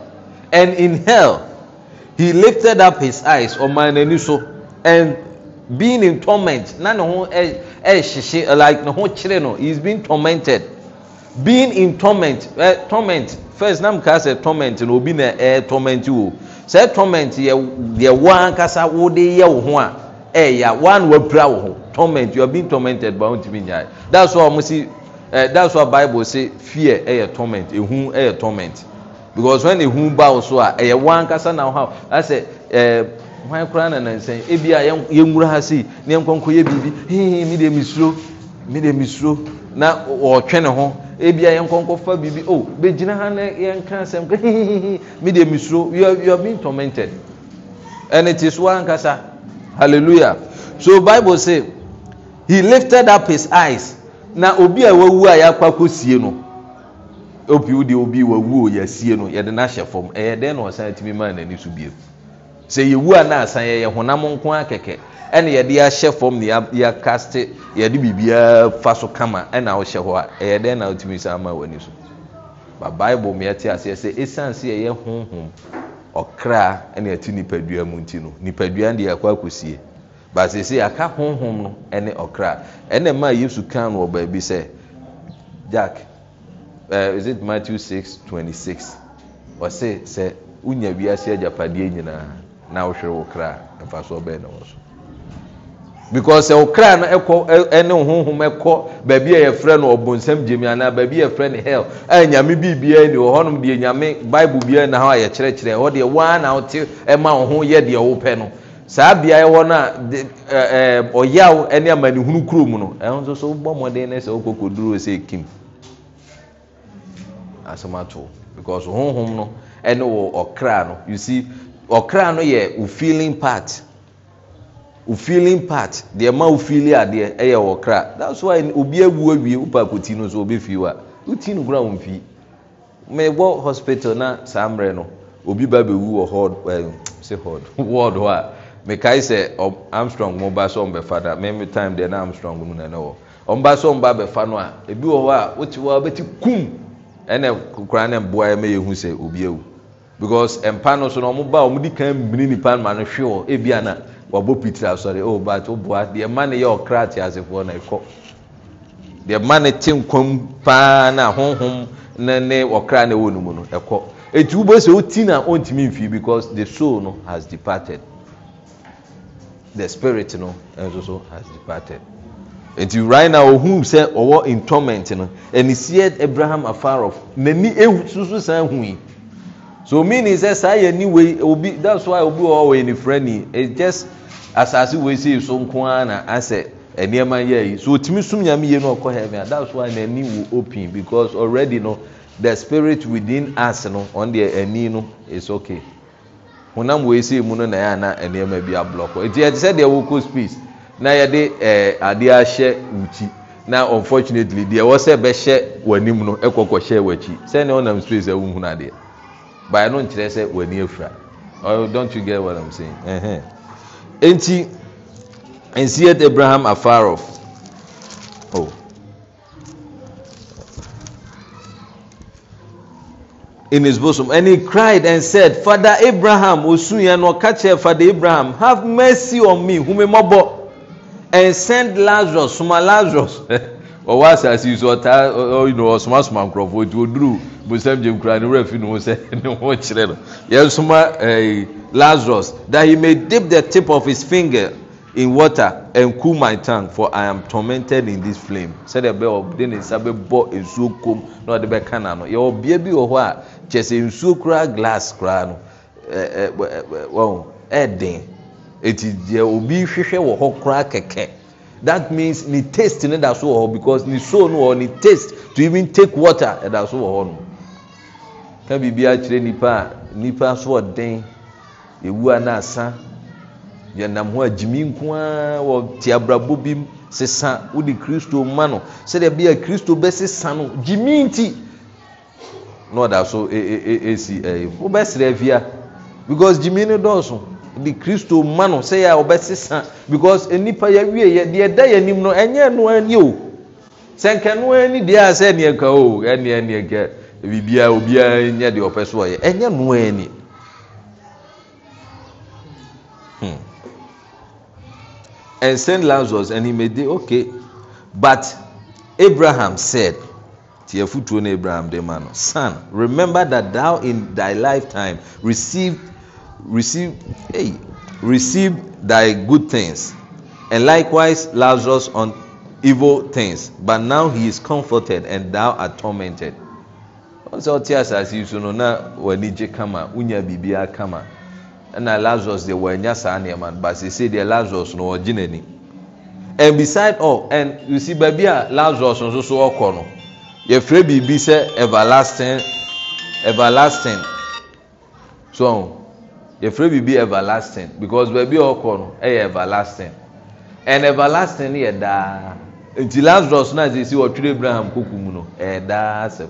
and in hell he lifted up his eyes ɔman n'ani so and being in torment na ne ho ɛɛhyehye eh, like ne ho kyerɛ no he is being tormented being in torment ɛ eh, torment first nam kaa sɛ torment na obi na ɛɛ eh, torment wo sɛ torment yɛ yɛ wɔn ankasa wɔde yɛ wo ho a ɛɛya wɔn a na wɔapira wo ho torment you are being tormented by ntumi nyae that's why ɔmo si eh, that's why bible say fear ɛyɛ eh, torment ehu ɛyɛ eh, torment because when ehu ba wo so a ɛyɛ wɔn ankasa na ɔha asɛ ɛɛ wɔn akora na nansɛn ebi a yɛn nwura ha si ne yɛn nkɔnkɔ yɛ biribi hee mi de mi suro mi de mi suro na ɔɔtwe ne ho ebi a yɛn nkɔnkɔ fa biribi o oh, bɛgyina ha na yɛn ka asɛm kɛ hee mi de mi suro you are you are being tormented and it is wɔn ankasa hallelujah so bible say he lifted up his eyes na obi a wawu a yɛakɔ akɔsie no opiu deɛ obi wawu o yɛasie no yɛde no ahyɛ fam ɛyɛ dɛn na ɔsan atumi maa n'ani so bio sɛ yɛwu a na asan yɛyɛ honam nko akɛkɛ ɛna yɛde ahyɛ fam na yɛakaste yɛde biribiara fa so kama ɛna ɔhyɛ hɔ a ɛyɛ dɛn na ɔtumi san maa w'ani so ba bible mmeɛte aseɛ sɛ esan si yɛyɛ honhom ɔkra ɛna ɛtu nipadua mu nti no nipadua deɛ yɛakɔ akɔsie. but aka honhom no ɛne ɔkra ɛnna mmaa yesu kan wɔ baabi sɛ jack uh, is it matthew six twenty six ɔsi sɛ unya wiase agyapadeɛ nyinaa na ahwere wɔ kra mfa ɔbɛn na wɔ so because ɔkra eh, no ɛkɔ ɛne eh, honhom ɛkɔ baabi a yɛfrɛ no ɔbɔnsɛm gyemi anaa baabi a yɛfrɛ no hell ɛyɛ nyame biribiara ni wɔ hɔnom deɛ nyame bible biara na hɔ a yɛkyerɛkyerɛ hɔ deɛ waa na ɔte ɛma ɔho yɛ deɛ ɔwopɛ no. saa beaeɛ hɔ no a ɔyaw ne amanehunu mu no ɛho nso so wobɔ mmɔden no sɛ because honhom no wɔ ɔkra no you see ɔkra no yɛ feeling part feeling part obi awu awie no so na saa mmerɛ no obi ba wɔ hɔ sɛ <laughs> hɔ a mekae sɛ amstrong moba sɛ ɔmbɛfa da time deɛ ne amstrong mu nane wɔ ɔmba sɛ bɛfa no a ebi wɔ hɔ a wote hɔ a wobɛti kum ɛne koraa ne mboa sɛ obi ewu because mpa no so kan nipa no wɔ ebi ana pitiri asɔre deɛ yɛ ɔkra na ɛkɔ deɛ mma no te nkwam paa na honhom ne na ɛwɔ no mu no ɛkɔ the spirit no nso so has departed nti right now ohun sɛ ɔwɔ in torment no and he seared Abraham afar off n'ani ehu soso san hu yi so meaning sɛ saa yɛ ni wei obi that's why obi wɔ wɔ ne friend ni it just asase wei si so nko ara na asɛ nneɛma yɛ yi so otumi sum nyame yie no ɔkɔ heaven and that's why n'ani wɔ open because already no the spirit within us no ɔn deɛ ani no is okay honam weesei mu no naɛ ana nnoɔma bi ablɔkɔ ɛnti yɛte sɛdeɛ wokɔ space na yɛde eh, adeɛ ahyɛ wokyi na unfortunately deɛ ɛwɔ sɛ bɛhyɛ w'anim no ɛkɔkɔhyɛ w'akyi sɛnea wonam space awohunu adeɛ baɛ no nkyerɛ sɛ w'ani afira oh, don't you get what I'm saying ɛnti nsiet abraham afarof in his bosom. And he cried and said, Father Abraham, Usuya no catcher, Father Abraham, have mercy on me, whom and send Lazarus, Suma Lazarus. <laughs> Or was as you saw, or you know, or Suma Suma it would do, but some Jim crying, no refuge, <laughs> no say, no watch, yes, Suma eh, Lazarus, that he may dip the tip of his finger in water and cool my tongue for i am tormented in this flame sɛdeɛ bɛyɛ ɔde ne nsa bɛbɔ nsuo kom na ɔde bɛka n'ano yɛ ɔbea bi wɔ hɔ a kyɛ sɛ nsuo koraa glass koraa no ɛɛ ɛɛ wɔn ɛɛden eti deɛ obi hwehwɛ wɔ hɔ koraa kɛkɛ that means ne taste ne da so wɔ hɔ because ne soul no wɔ ne taste to even take water ɛda eh, so wɔ hɔ no ka biribi akyerɛ nipa a nipa so ɔden ewu anaasa yɛnam ho a gyimi nko ara wɔ tiabrabɔ bi sesa wode kristo ma no sɛdeɛ bia kristo bɛsesa no gyimi nti na ɔda so ɛsi e, e, e, ɛyi wobɛsrɛ afia because gyimi no dɔɔso de kristo ma no sɛyɛ a ɔbɛsesa because nipa yɛwie yɛ deɛ ɛda yɛ anim no ɛnyɛ no ani o sɛ nka no ani deɛ a sɛ neɛ ka o ɛneɛ neɛ ka biribiara obiara nyɛ deɛ ɔpɛ so ɔyɛ ɛnyɛ no ani. Hmm. and send Lazarus, and he made it okay. But Abraham said, Tiafutuo ne Abraham de mano, son, remember that thou in thy lifetime received received hey, received thy good things, and likewise Lazarus on evil things. But now he is comforted, and thou art tormented. Wọn sọ ọtí kama, wunya kama. ɛna lazarus deɛ wɔanya saa nneɛma no but sɛsei deɛ lazarus no wɔgye n'ani and beside all oh, and you see baabi a ah, lazarus nso so ɔkɔ no yɛfrɛ biribi sɛ everlasting everlasting so yɛfrɛ biribi everlasting because baabi a ɔkɔ no ɛyɛ everlasting and everlasting no yɛ daa nti lazarus no a sɛsi wɔtwerɛ abraham koko mu no ɛyɛ eh, daa asɛm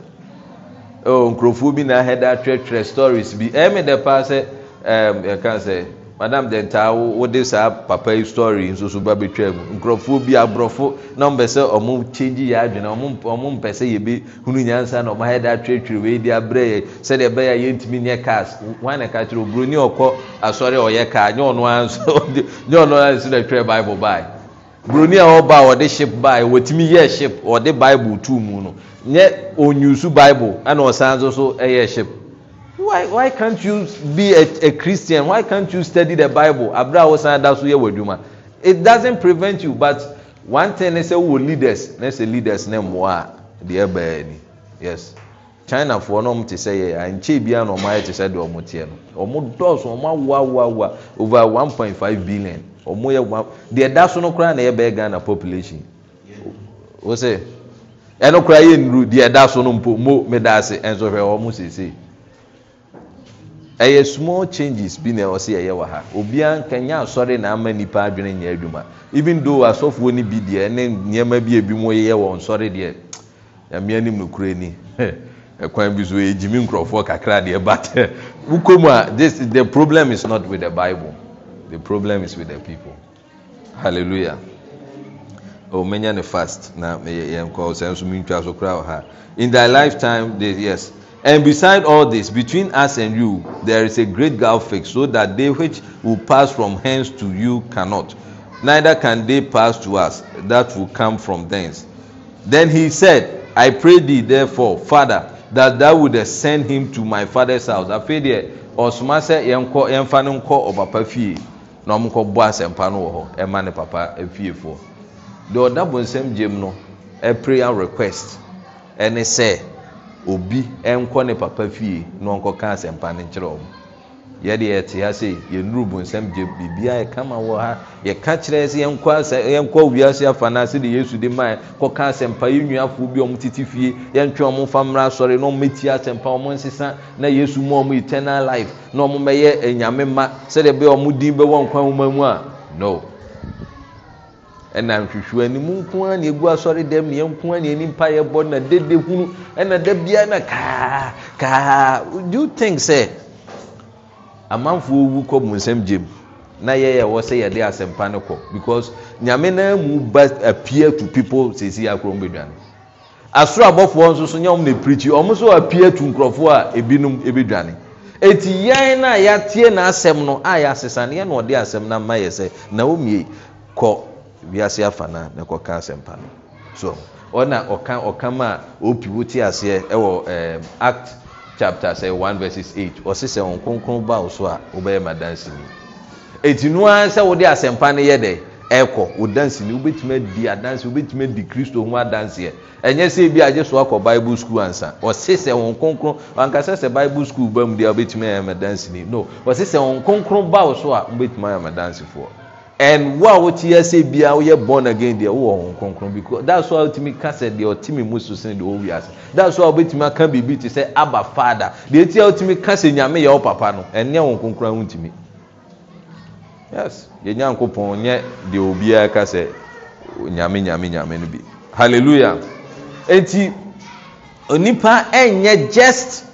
oh, nkurɔfoɔ bi na ahɛda eh, twerɛtwerɛ stories bi ɛmi dɛ paa sɛ. Um, yɛka sɛ madam dentaa wode saa papa yi story nsoso ba bɛtwa mu nkurɔfoɔ bi aborɔfo na ɔmpɛ sɛ ɔmo kyɛngyi yɛ adwene ɔmo mpɛ nyansa na ɔmo ayɛ de atwerɛtwerɛ wei de abrɛ yɛ sɛdeɛ ɛbɛyɛ a yɛntumi nyɛ cars na oburoni ɔkɔ asɔre ɔyɛ car nyɛ ɔno ara nso <laughs> nyɛ ɔno ara nso na twerɛ bible bae buroni a ɔba a ɔde ship ship ɔde bible tuu mu no nyɛ onyusu bible ɛna ɔsan so ɛyɛ why why can't you be a, a christian why can't you study the bible abúlé àwọn sàn dá so yẹ wọ adwuma it doesn't prevent you but one thing ne sẹ wọ leaders ne sẹ leaders ne mmoa a deɛ bɛɛ ni yes china foɔ no ɔmo te sɛ yɛ a nkyɛn bi a na ɔmo ayɛ te sɛ deɛ ɔmo teɛ no ɔmo dɔɔso ɔmo awoawoawoa over one point five billion ɔmo yɛ one deɛ da so no koraa na yɛ bɛɛ ghana population wosɛ ɛno koraa yɛ nuru deɛ da so no mpo mo me da ase ɛnso hwɛ ɔmo sese. ɛyɛ small changes bi na ɛwɔ sɛ wɔ ha obiara nkanya asɔre na ama nipa adwene nyɛ adwuma even though asɔfoɔ no bi deɛ ne nneɛma bi ebi mo yɛ wɔn sɔre deɛ nyamea ni no kure ni ɛkwan bi so egyimi nkurɔfoɔ kakra deɛ but wukɔ mu a this the problem is not with the bible the problem is with the people hallelujah O oh, omenya ne fast na yɛn kɔ sɛ nso mi ntwa so kura wɔ ha in their lifetime they yes. And beside all this, between us and you, there is a great gulf fixed, so that they which will pass from hence to you cannot, neither can they pass to us that will come from thence. Then he said, I pray thee, therefore, Father, that thou wouldst send him to my father's house. I deɛ, ɔsoma sɛ yɛnkɔ yɛnfa no nkɔ ɔpapa fie na ɔmo nkɔ emane ne papa efiefoɔ. Deɛ ɔda bɔ nsɛm gyem no, ɛpray a request ɛne obi nkɔ ne papa fie na ɔnkɔka asɛmpa no nkyerɛ ɔm yɛde yɛtea sɛ yɛnurubu nsɛm gye biribia yɛkama wɔ ha yɛka kyerɛ sɛ yɛnkɔ wiase afa no sɛde yesu de mae kɔka asɛmpa yɛnnuafoɔ bi ɔm tete fie yɛntwe ɔmo fa mmra asɔre na ɔmmɛtie asɛmpa ɔmo nsesa na yesu mu ɔmo eternal life na ɔmo mɛyɛ anyame mma sɛdeɛ bɛyɛ ɔmo din bɛwɔ nkwa nwoma mu a no ɛnam hwehwɛ ne mu nko ara na egu asɔre dɛm ne yɛn nko ara na yɛn nipa yɛ bɔ na dede hunu ɛna da bia na kaa kaa do you think sɛ amanfoɔ owu kɔ mu nsɛm gyem na yɛ yɛ wɔ sɛ yɛde asɛmpa no kɔ because nyame na mu ba appear to people sisi akoro mbɛdwa no asoro abɔfoɔ nso so nyɛ wɔn na pirikyi wɔn nso appear to nkurɔfoɔ a ebinom ebɛdwa no eti yɛn na yɛatie n'asɛm no a yɛasesa no yɛn na ɔde asɛm na mma yɛ sɛ na wɔn mie kɔ wiase afana na kɔka asɛmpa no so ɔna ɔka ɔkam a opi wote aseɛ ɛwɔ ɛɛm act chapter sɛ one verses eight ɔsi sɛ wɔn kronkron ba wo so a wobɛyɛ ma dansini eti nua sɛ wode asɛmpa no yɛ dɛ ɛkɔ wo dansini wobɛtumi adi adansi wobɛtumi adi kristo ho adansiɛ ɛnyɛ sɛ ebi agye so akɔ bible school ansa ɔsi sɛ wɔn kronkron wankasa sɛ bible school ba mu deɛ wobɛtumi ayɛ ma dansini no ɔsi sɛ wɔn kronkron ba wo so a wobɛtumi ayɛ ma dansifoɔ. and wo a wote ase bia woyɛ born again deɛ wowɔ Honhom Kronkron because that's why wotumi ka sɛ deɛ ɔtumi mu so sen deɛ ɔwi ase that's why wobɛtumi aka biribi te sɛ aba father deɛ eti a wotumi ka sɛ nyame yɛ wo papa no ɛnyɛ ho ntumi yes yɛ Nyankopɔn nyɛ deɛ obiara ka sɛ nyame nyame nyame no bi hallelujah eti onipa ɛnyɛ just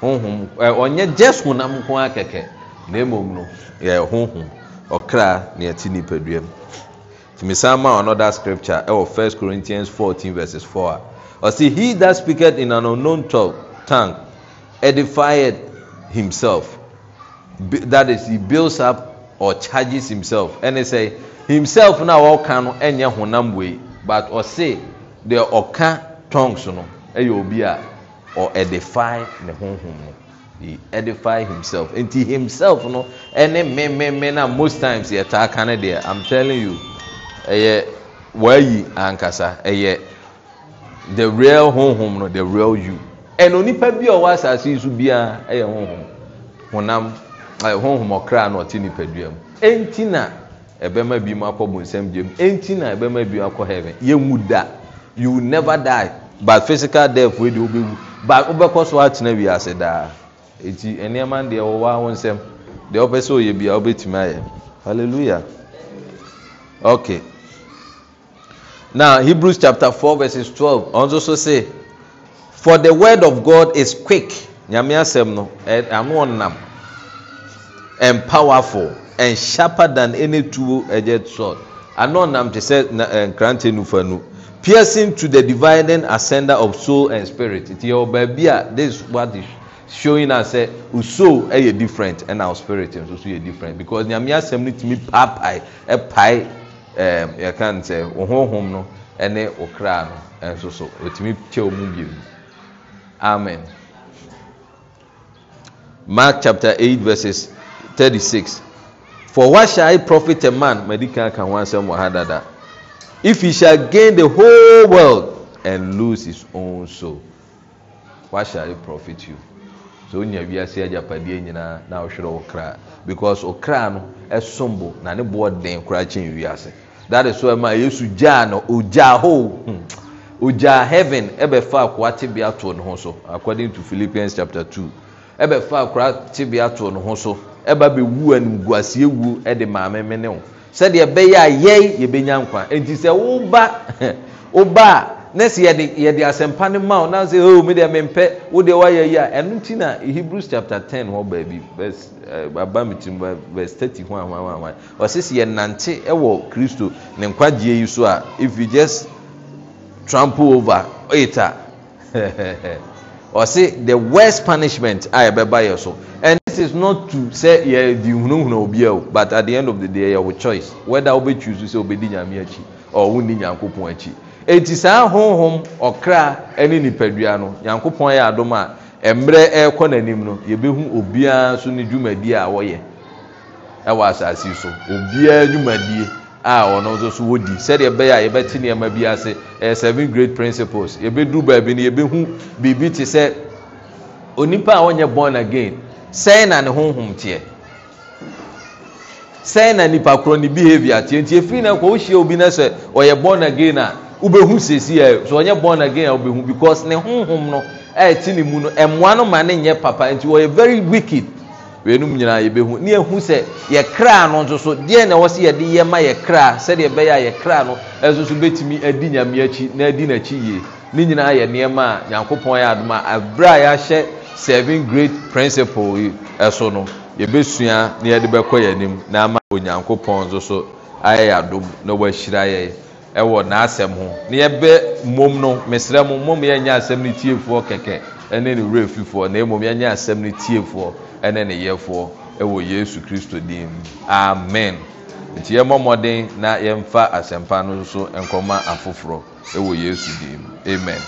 honhom ɛ ɔnyɛ just honam nko akɛkɛ na emom no yɛ honhom. kraneatipdam ntmisa ma ɔnɔda scripture ɛwɔ 1 corinthians 144 a ɔse he that speaked in anonon tonke edified himself thaes ye builds up or charges himself ɛne sɛ himself na a wɔka no ɛnyɛ honam wei but ɔse deɛ ɔka tons no ɛyɛ ɔbi a ɔ ɛdify ne homhom no he edify himself and he himself no ɛne mmemmemme na most times yɛ taa ka deɛ i'm telling you ɛyɛ wɔayi ankasa ɛyɛ the real honhom no the real you ɛna onipa bi a ɔwɔ asase yi so biara ɛyɛ honhom honam ɛyɛ honhom ɔkra na ɔte nipadua mu enti na ɛbɛma bi mu akɔ bonsam gye mu enti na ɛbɛma bi mu akɔ heaven yɛnwu da you will never die but physical death wey de wobɛwu but wobɛkɔ so atena wiase daa. ɛnti nnoɔma n deɛ wɔwɔ a wo nsɛm deɛ wopɛ sɛ ɔyɛ bia wobɛtumi ayɛ ok now hebrews chapter 4 verses 12 ɔnso so se for the word of god is quick nyame asɛm no eh, ano ɔnam and powerful and sharper than any two-edged sword ano ɔnam te sɛ eh, nkrante nufa piercing to the dividing ascender of soul and spirit nti yɛwɔ oh, baabi a this what is sonyin a sɛ sow yɛ different nao spirity nsosoyɛ different because nameɛ asɛm no tumi paepae eh, paeyɛkan eh, sɛ wo hohom no eh, ne wo kra no nsoso ɔtumi kɛwm men mak chapte 8 v36 fɔr wasyal e profit aman madi ka ka ho asɛm w hadada if ye syall gain the who world an lose his on sou whasya e profit you so onya wiase agyapadeɛ nyinaa na wohwerɛ wo kraa because ɔkraa no sombo na ne boɔ den kora kyɛn wiase thatis wy ma yesu gyaa no ɔgyaa hoo hmm. ɔgyaa heaven bɛfaa koa tebea too ne ho so according to philippians chapter 2 bɛfaa koa tebea too ne ho so ba bɛwu animguaseɛ wuo de maameme ne wo sɛdeɛ ɛbɛyɛ a yɛi yɛbɛnya nkwa ɛnti sɛ woba <laughs> a ne sɛ yɛde yɛde asɛmpa ne ma ɔna sɛ oh mi deɛ mempɛ wo deɛ wayɛ yi a ɛno ti na Hebrews chapter ten hɔ baabi verse ɛɛ eh, aba mi ti mu verse thirty one. ahoa ahoa ɔsi sɛ yɛnante ɛwɔ Kristo ne nkwagyeɛ yi so a if you just trample over it a <laughs> ɔsi the worst punishment a yɛbɛba yɛ so and this is not to sɛ yɛdi hunahuna obi o but at the end of the day yɛ wɔ choice whether wobɛ choose sɛ obɛdi nyame akyi or wonni nyankopɔn akyi. ɛnti saa honhom ɔkra ne nipadua no nyankopɔn yɛ adom a ɛmmerɛ ɛrekɔ n'anim no yɛbɛhu obiara nso ne dwumadie a wɔyɛ ɛwɔ asaase so obiara dwumadie a ɔno nso so wɔdi sɛdeɛ ɛbɛyɛ a yɛbɛte nneɛma bi ase ɛyɛ seven great principles yɛbɛduru baabi no yɛbɛhu biribi te sɛ onipa a wɔnyɛ born again sɛn na ne honhom teɛ sɛn na nipa korɔ ne behavior teɛ nti efiri na kɔ wohyia obi na sɛ ɔyɛ born again a wobɛhu seesi a eh, so ɔnyɛ born again a eh, wobɛhu because ne honhom no ɛɛte eh, ne mu no ɛmmoa no ma ne nyɛ papa nti wɔyɛ very wicked wɛnum nyinaa yɛbɛhu ne ɛhu sɛ yɛ kraa no nso so deɛ na ɛwɔ sɛ yɛde yɛ ma yɛ kraa sɛdeɛ ɛbɛyɛ a yɛ no ɛnso so bɛtumi adi nyame akyi na adi n'akyi yie ne nyinaa yɛ nneɛma a nyankopɔn yɛ adoma a abrɛ a yɛahyɛ seven great principle yi ɛso no yɛbɛsua na yɛde bɛkɔ yɛn anim na ama onyankopɔn nso so ayɛ yɛ adom na wahyira yɛn ɛwɔ n'asɛm ho na yɛbɛ mom no mesrɛ mo mmom yɛnyɛ asɛm no tiefoɔ kɛkɛ ɛne ne werɛ fifoɔ na mmom yɛnyɛ asɛm no tiefoɔ ɛne ne yɛfoɔ ɛwɔ yesu kristo din amen nti yɛmmɔ mmɔden na yɛmfa asɛmpa no nso nkɔma afoforɔ ɛwɔ yesu din amen